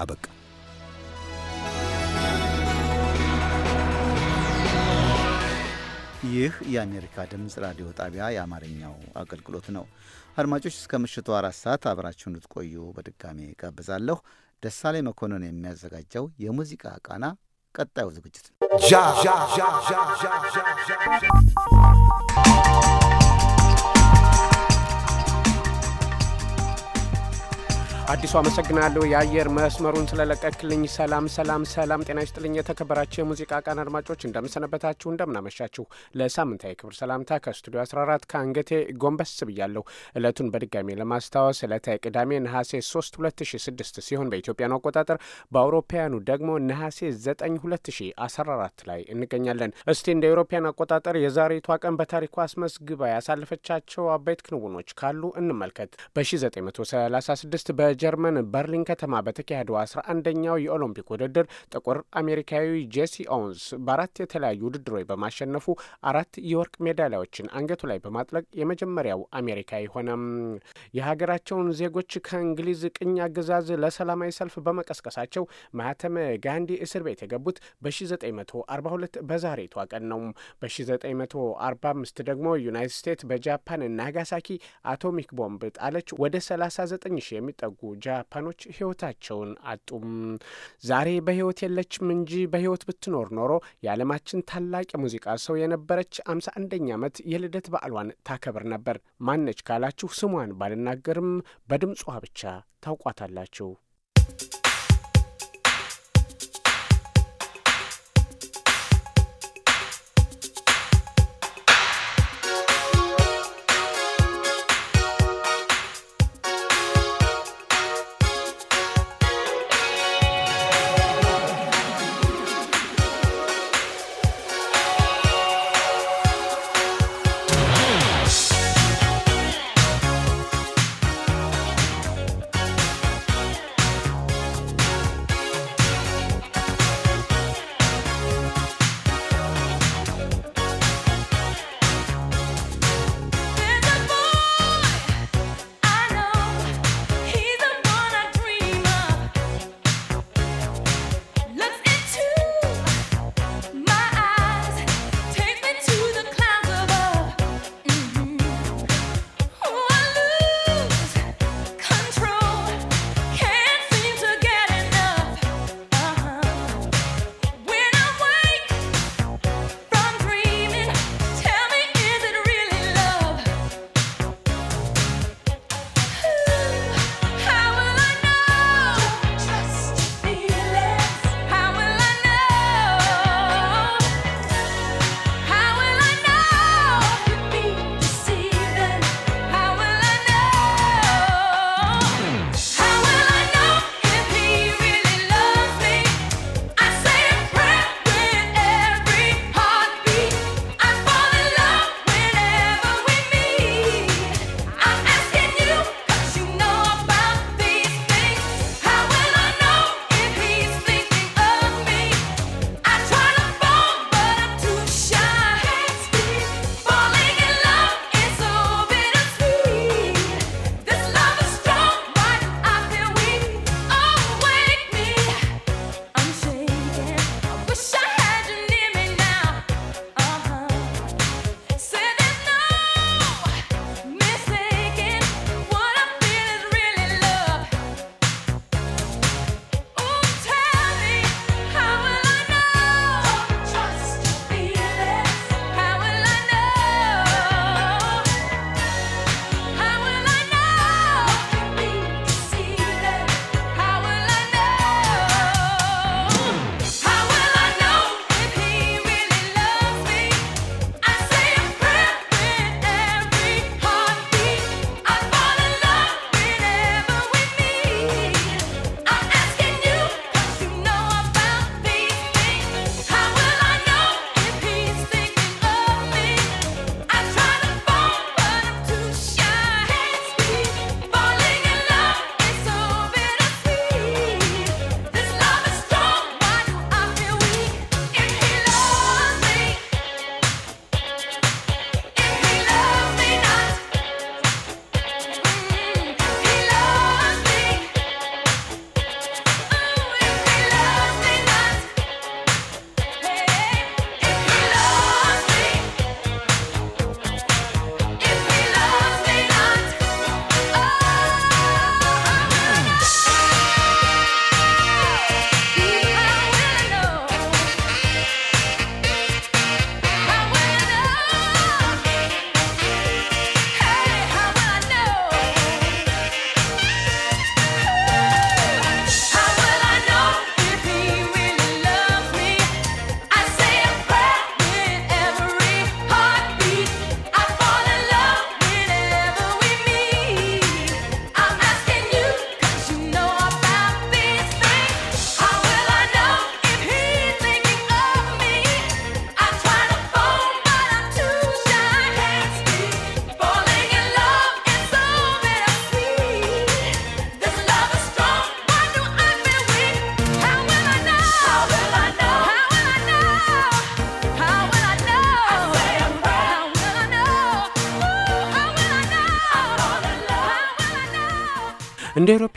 አበቃ። ይህ የአሜሪካ ድምፅ ራዲዮ ጣቢያ የአማርኛው አገልግሎት ነው። አድማጮች እስከ ምሽቱ አራት ሰዓት አብራችሁን ልትቆዩ በድጋሜ ጋብዛለሁ። ላይ መኮንን የሚያዘጋጀው የሙዚቃ ቃና ቀጣዩ ዝግጅት ነው። አዲሱ አመሰግናለሁ የአየር መስመሩን ስለለቀክልኝ። ሰላም ሰላም ሰላም፣ ጤና ይስጥልኝ። የተከበራቸው የሙዚቃ ቃን አድማጮች እንደምንሰነበታችሁ፣ እንደምናመሻችሁ። ለሳምንታዊ ክብር ሰላምታ ከስቱዲዮ 14 ከአንገቴ ጎንበስ ብያለሁ። ዕለቱን በድጋሚ ለማስታወስ ዕለተ ቅዳሜ ነሐሴ 3 2006 ሲሆን በኢትዮጵያኑ አቆጣጠር በአውሮፓውያኑ ደግሞ ነሐሴ 9 2014 ላይ እንገኛለን። እስቲ እንደ አውሮፓውያን አቆጣጠር የዛሬቷ ቀን በታሪኩ አስመዝግባ ያሳለፈቻቸው አበይት ክንውኖች ካሉ እንመልከት። በ1936 በጀርመን በርሊን ከተማ በተካሄደው አስራ አንደኛው የኦሎምፒክ ውድድር ጥቁር አሜሪካዊ ጄሲ ኦውንስ በአራት የተለያዩ ውድድሮች በማሸነፉ አራት የወርቅ ሜዳሊያዎችን አንገቱ ላይ በማጥለቅ የመጀመሪያው አሜሪካዊ ሆነ። የሀገራቸውን ዜጎች ከእንግሊዝ ቅኝ አገዛዝ ለሰላማዊ ሰልፍ በመቀስቀሳቸው ማህተመ ጋንዲ እስር ቤት የገቡት በ1942 በዛሬቷ ቀን ነው። በ1945 ደግሞ ዩናይትድ ስቴትስ በጃፓን ናጋሳኪ አቶሚክ ቦምብ ጣለች። ወደ 39 ሺህ የሚጠጉ ጃፓኖች ህይወታቸውን አጡም። ዛሬ በህይወት የለችም እንጂ በህይወት ብትኖር ኖሮ የዓለማችን ታላቅ የሙዚቃ ሰው የነበረች አምሳ አንደኛ ዓመት የልደት በዓሏን ታከብር ነበር። ማነች ካላችሁ ስሟን ባልናገርም በድምጿ ብቻ ታውቋታላችሁ።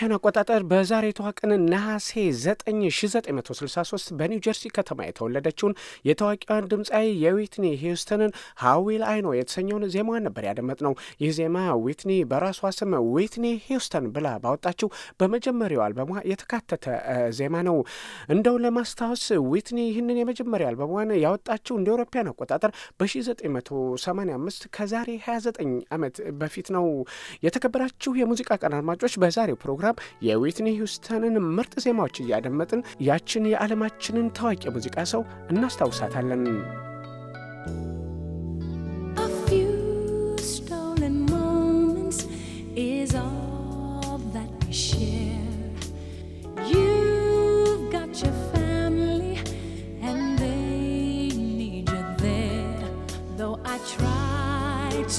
አውሮፓውያን አቆጣጠር በዛሬቷ ቀን ነሐሴ 9963 በኒው ጀርሲ ከተማ የተወለደችውን የታዋቂዋን ድምፃዊ የዊትኒ ሂውስተንን ሀዊል አይኖ የተሰኘውን ዜማዋን ነበር ያደመጥ ነው ይህ ዜማ ዊትኒ በራሷ ስም ዊትኒ ሂውስተን ብላ ባወጣችው በመጀመሪያው አልበሟ የተካተተ ዜማ ነው። እንደው ለማስታወስ ዊትኒ ይህንን የመጀመሪያ አልበሟን ያወጣችው እንደ አውሮፓውያን አቆጣጠር በ1985 ከዛሬ 29 ዓመት በፊት ነው። የተከበራችሁ የሙዚቃ ቀን አድማጮች በዛሬው ፕሮግራም አይደለም። የዊትኒ ሂውስተንን ምርጥ ዜማዎች እያደመጥን ያችን የዓለማችንን ታዋቂ ሙዚቃ ሰው እናስታውሳታለን።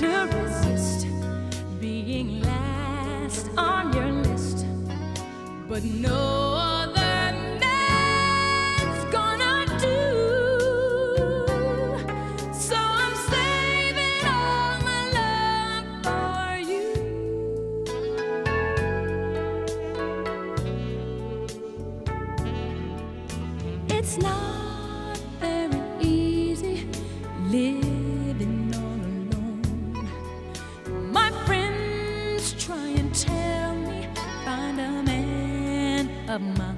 to resist being last on your but no of my.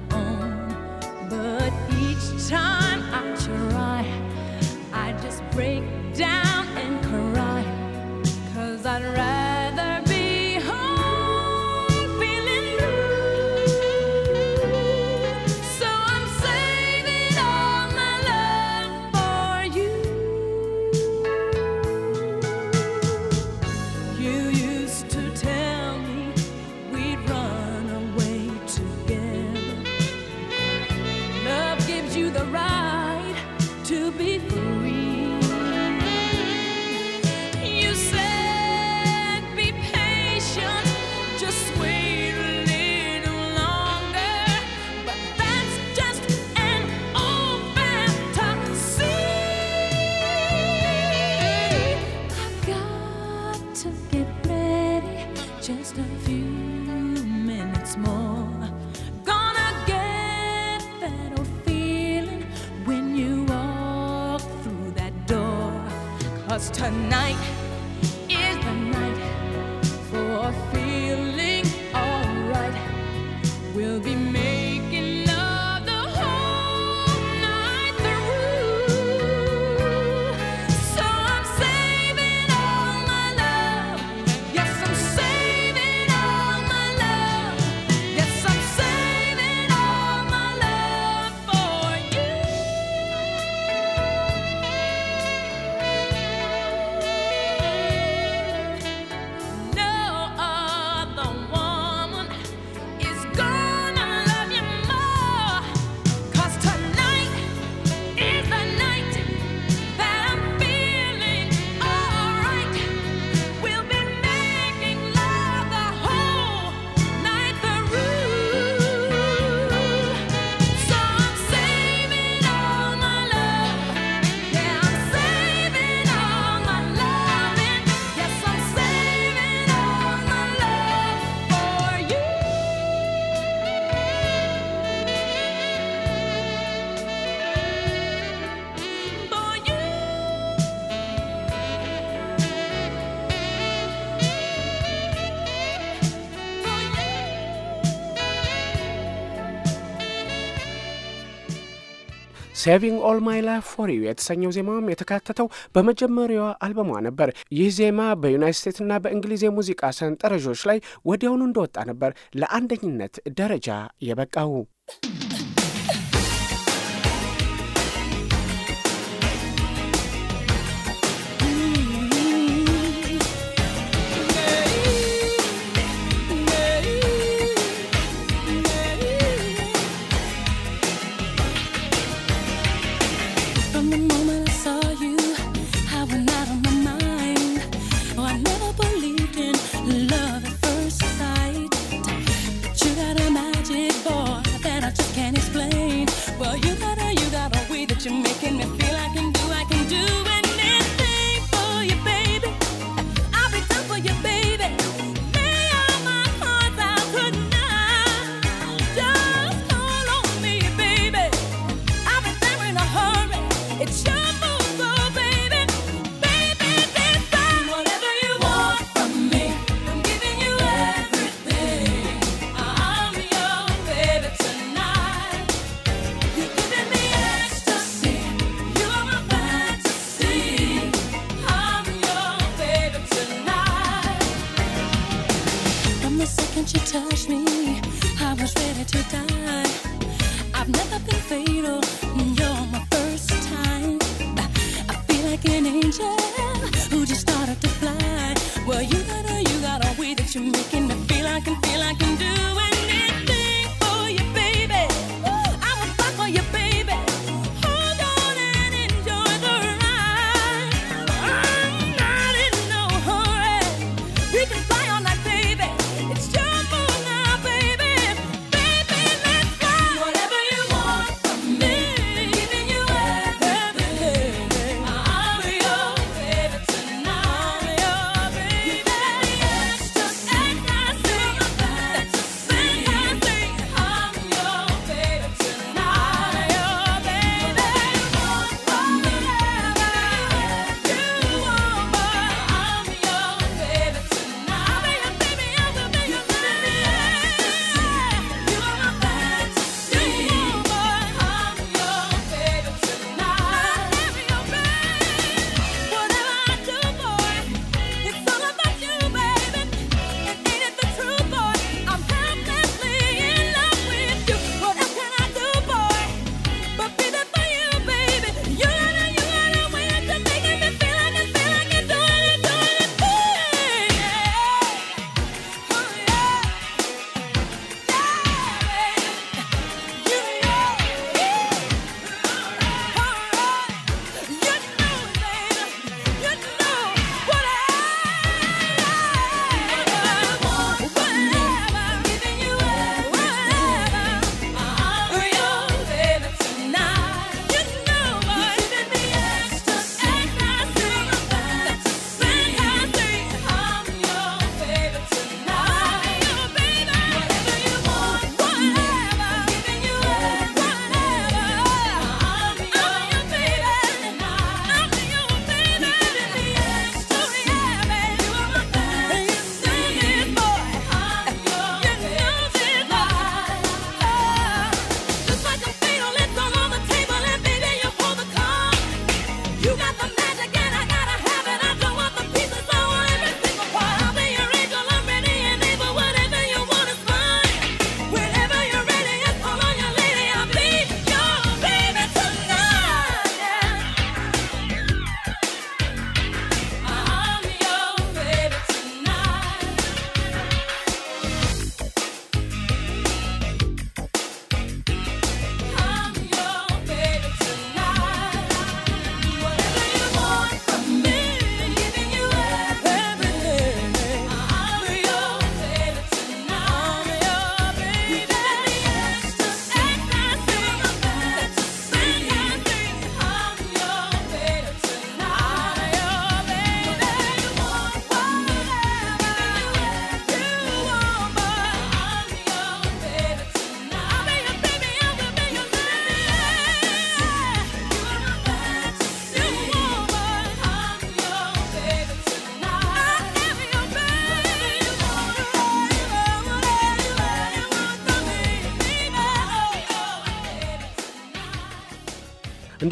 ሴቪንግ ኦል ማይ ላይፍ ፎር ዩ የተሰኘው ዜማም የተካተተው በመጀመሪያዋ አልበሟ ነበር። ይህ ዜማ በዩናይት ስቴትስና በእንግሊዝ የሙዚቃ ሰንጠረዦች ላይ ወዲያውኑ እንደወጣ ነበር ለአንደኝነት ደረጃ የበቃው። touched me, I was ready to die. I've never been fatal, you're my first time. I feel like an angel who just started to fly. Well, you got a, you got a way that you're making me feel I can, feel I can do it.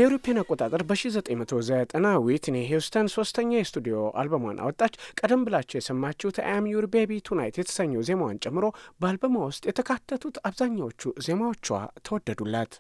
እንደ አውሮፓውያን አቆጣጠር በ1990 ዊትኒ ሂውስተን ሶስተኛ የስቱዲዮ አልበሟን አወጣች። ቀደም ብላችሁ የሰማችሁት አም ዩር ቤቢ ቱናይት የተሰኘው ዜማዋን ጨምሮ በአልበሟ ውስጥ የተካተቱት አብዛኛዎቹ ዜማዎቿ ተወደዱላት።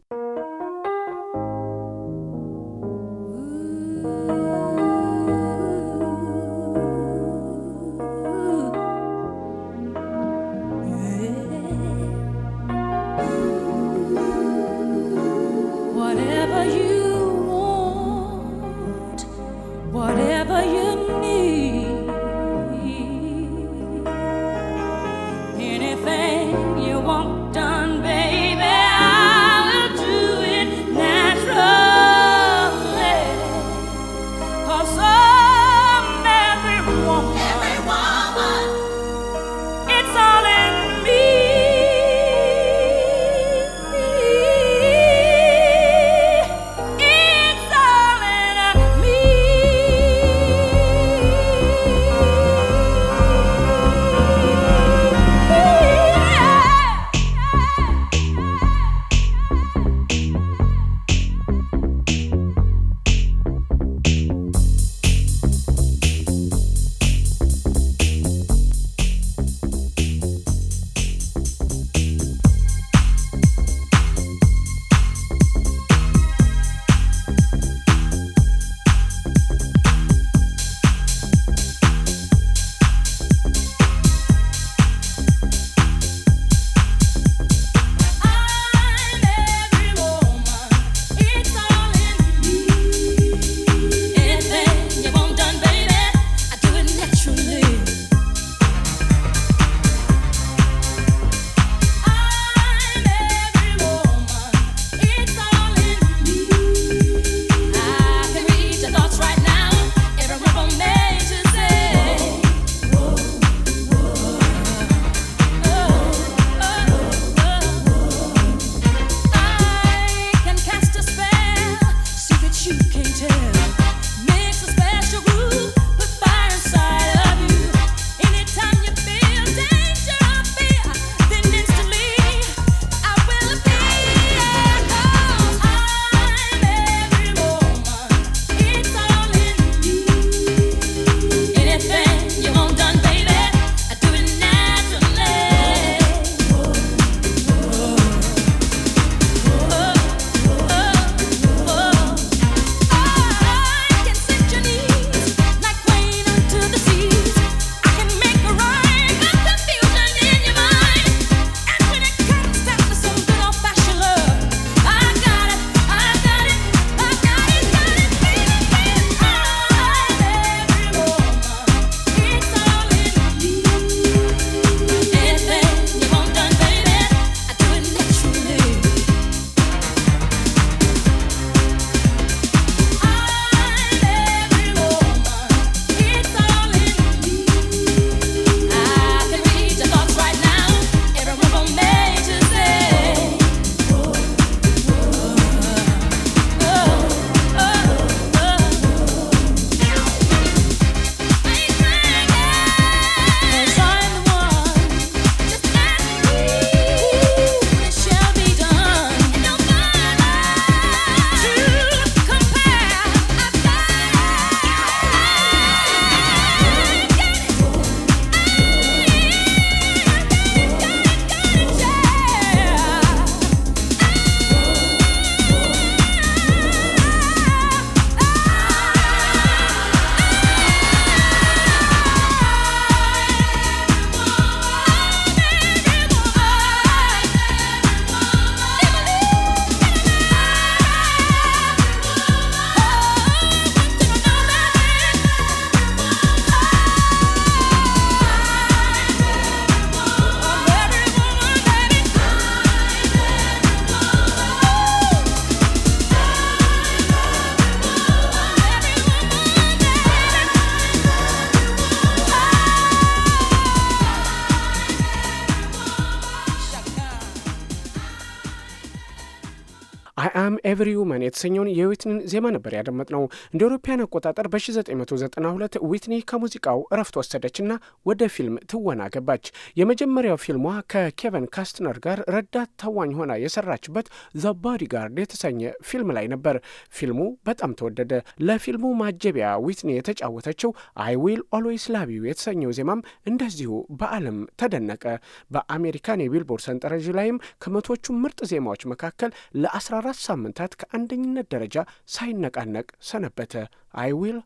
ውመን የተሰኘውን የዊትኒን ዜማ ነበር ያደመጥነው። እንደ አውሮፓውያን አቆጣጠር በ1992 ዊትኒ ከሙዚቃው እረፍት ወሰደችና ወደ ፊልም ትወና ገባች። የመጀመሪያው ፊልሟ ከኬቨን ካስትነር ጋር ረዳት ተዋኝ ሆና የሰራችበት ዘ ባዲጋርድ የተሰኘ ፊልም ላይ ነበር። ፊልሙ በጣም ተወደደ። ለፊልሙ ማጀቢያ ዊትኒ የተጫወተችው አይ ዊል ኦልዌይስ ላቭ ዩ የተሰኘው ዜማም እንደዚሁ በዓለም ተደነቀ። በአሜሪካን የቢልቦርድ ሰንጠረዥ ላይም ከመቶቹ ምርጥ ዜማዎች መካከል ለ14 ሳምንታት ከ በአንደኝነት ደረጃ ሳይነቃነቅ ሰነበተ። አይ ዊል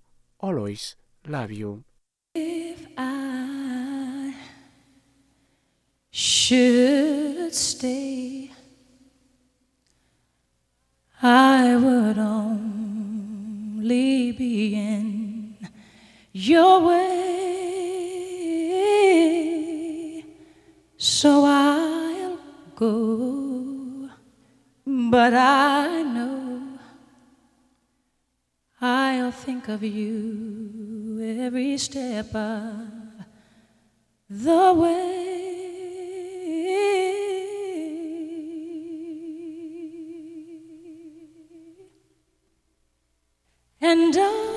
ኦልዌይስ ላቭ ዩ should stay I would only be in your way so I'll go but I know I'll think of you every step of the way. And I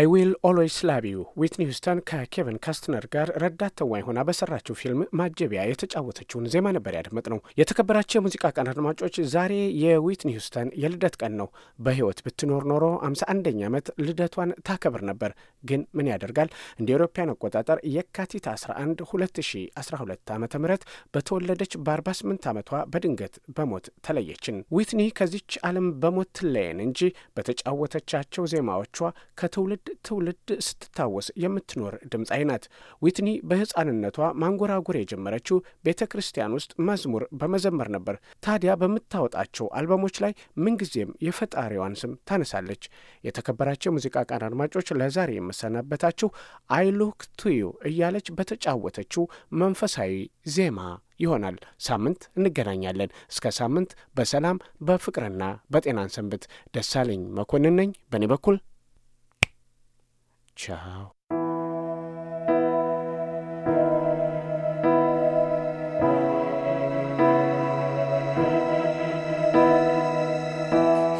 አይ ዊል ኦልዌይስ ላቭ ዩ ዊትኒ ሁስተን ከኬቨን ካስትነር ጋር ረዳት ተዋኝ ሆና በሰራችው ፊልም ማጀቢያ የተጫወተችውን ዜማ ነበር ያደመጥ ነው። የተከበራቸው የሙዚቃ ቀን አድማጮች፣ ዛሬ የዊትኒ ሁስተን የልደት ቀን ነው። በህይወት ብትኖር ኖሮ 51ኛ ዓመት ልደቷን ታከብር ነበር። ግን ምን ያደርጋል እንደ ኤሮፓያን አቆጣጠር የካቲት 11 2012 ዓ ም በተወለደች በ48 ዓመቷ በድንገት በሞት ተለየችን። ዊትኒ ከዚች ዓለም በሞት ትለየን እንጂ በተጫወተቻቸው ዜማዎቿ ከትውልድ ትውልድ ስትታወስ የምትኖር ድምፃዊ ናት። ዊትኒ በሕፃንነቷ ማንጎራጎር የጀመረችው ቤተ ክርስቲያን ውስጥ መዝሙር በመዘመር ነበር። ታዲያ በምታወጣቸው አልበሞች ላይ ምንጊዜም የፈጣሪዋን ስም ታነሳለች። የተከበራቸው የሙዚቃ ቃን አድማጮች ለዛሬ የምሰናበታችሁ አይሉክ ቱዩ እያለች በተጫወተችው መንፈሳዊ ዜማ ይሆናል። ሳምንት እንገናኛለን። እስከ ሳምንት በሰላም በፍቅርና በጤናን ሰንብት። ደሳለኝ መኮንን ነኝ። በእኔ በኩል Ciao.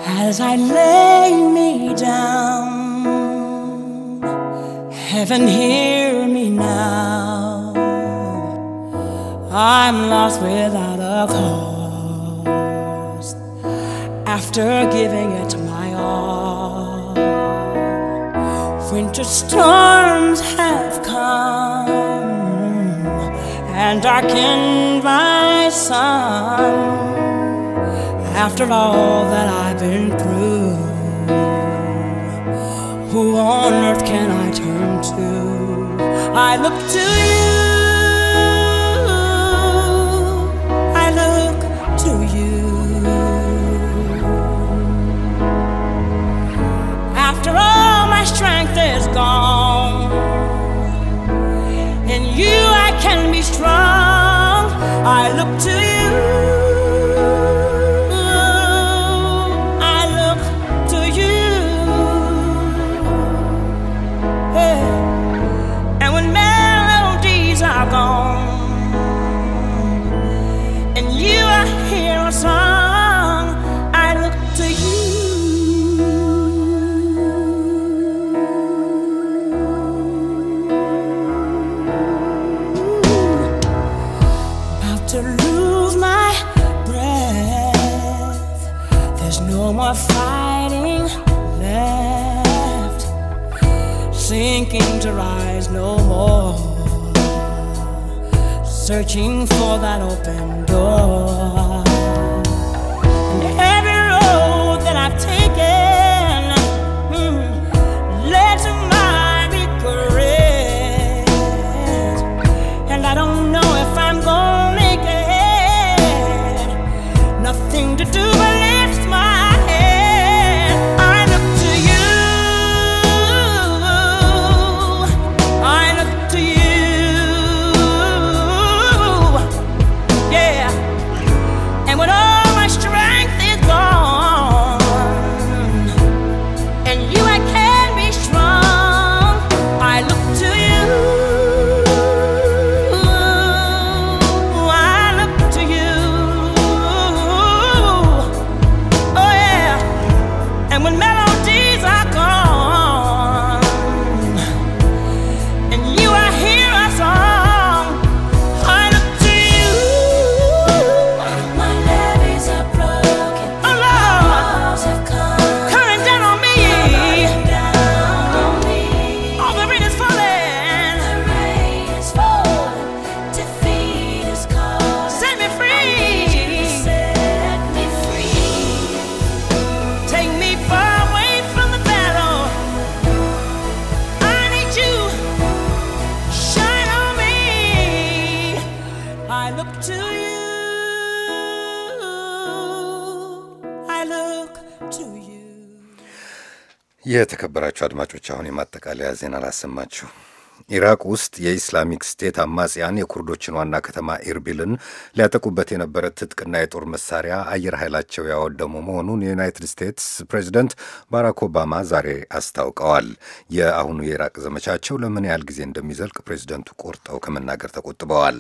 As I lay me down, heaven hear me now. I'm lost without a cause after giving it my all. Winter storms have come and darkened my sun. After all that I've been through, who on earth can I turn to? I look to you. የተከበራችሁ አድማጮች አሁን የማጠቃለያ ዜና ላሰማችሁ። ኢራቅ ውስጥ የኢስላሚክ ስቴት አማጽያን የኩርዶችን ዋና ከተማ ኢርቢልን ሊያጠቁበት የነበረ ትጥቅና የጦር መሳሪያ አየር ኃይላቸው ያወደሙ መሆኑን የዩናይትድ ስቴትስ ፕሬዚደንት ባራክ ኦባማ ዛሬ አስታውቀዋል። የአሁኑ የኢራቅ ዘመቻቸው ለምን ያህል ጊዜ እንደሚዘልቅ ፕሬዚደንቱ ቆርጠው ከመናገር ተቆጥበዋል።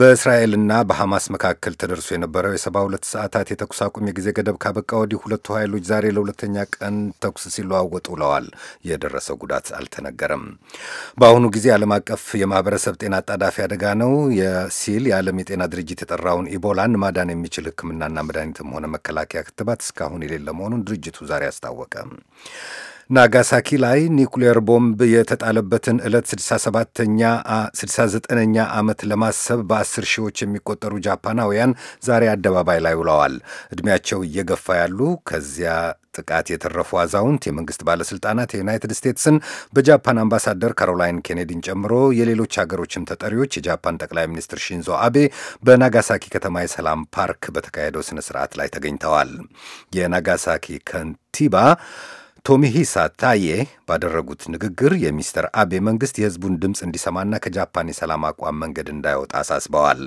በእስራኤልና በሐማስ መካከል ተደርሶ የነበረው የሰባ ሁለት ሰዓታት የተኩስ አቁም የጊዜ ገደብ ካበቃ ወዲህ ሁለቱ ኃይሎች ዛሬ ለሁለተኛ ቀን ተኩስ ሲለዋወጡ ውለዋል። የደረሰው ጉዳት አልተነገረም። በአሁኑ ጊዜ ዓለም አቀፍ የማህበረሰብ ጤና አጣዳፊ አደጋ ነው ሲል የዓለም የጤና ድርጅት የጠራውን ኢቦላን ማዳን የሚችል ሕክምናና መድኃኒትም ሆነ መከላከያ ክትባት እስካሁን የሌለ መሆኑን ድርጅቱ ዛሬ አስታወቀ። ናጋሳኪ ላይ ኒውክሌር ቦምብ የተጣለበትን ዕለት 67ኛ 69ኛ ዓመት ለማሰብ በአስር ሺዎች የሚቆጠሩ ጃፓናውያን ዛሬ አደባባይ ላይ ውለዋል። ዕድሜያቸው እየገፋ ያሉ ከዚያ ጥቃት የተረፉ አዛውንት፣ የመንግስት ባለስልጣናት፣ የዩናይትድ ስቴትስን በጃፓን አምባሳደር ካሮላይን ኬኔዲን ጨምሮ የሌሎች ሀገሮችም ተጠሪዎች የጃፓን ጠቅላይ ሚኒስትር ሺንዞ አቤ በናጋሳኪ ከተማ የሰላም ፓርክ በተካሄደው ስነ ስርዓት ላይ ተገኝተዋል። የናጋሳኪ ከንቲባ ቶሚሂሳ ታዬ ባደረጉት ንግግር የሚስተር አቤ መንግስት የህዝቡን ድምፅ እንዲሰማና ከጃፓን የሰላም አቋም መንገድ እንዳይወጣ አሳስበዋል።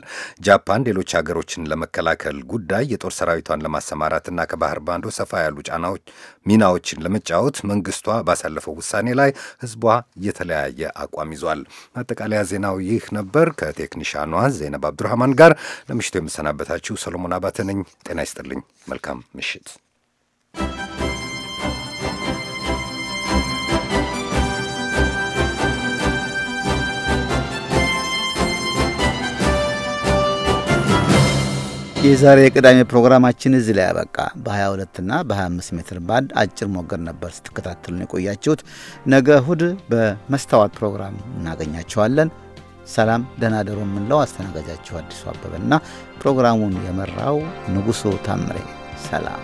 ጃፓን ሌሎች ሀገሮችን ለመከላከል ጉዳይ የጦር ሰራዊቷን ለማሰማራትና ከባህር ባንዶ ሰፋ ያሉ ጫናዎች ሚናዎችን ለመጫወት መንግስቷ ባሳለፈው ውሳኔ ላይ ህዝቧ የተለያየ አቋም ይዟል። አጠቃላይ ዜናው ይህ ነበር። ከቴክኒሻኗ ዜነብ አብዱርሃማን ጋር ለምሽቱ የምሰናበታችሁ ሰሎሞን አባተ ነኝ። ጤና ይስጥልኝ። መልካም ምሽት። የዛሬ የቅዳሜ ፕሮግራማችን እዚህ ላይ ያበቃ። በ22 እና በ25 ሜትር ባንድ አጭር ሞገድ ነበር ስትከታተሉን የቆያችሁት። ነገ እሁድ በመስታወት ፕሮግራም እናገኛችኋለን። ሰላም ደህና ደሩ የምንለው አስተናጋጃችሁ አዲሱ አበበና ፕሮግራሙን የመራው ንጉሱ ታምሬ ሰላም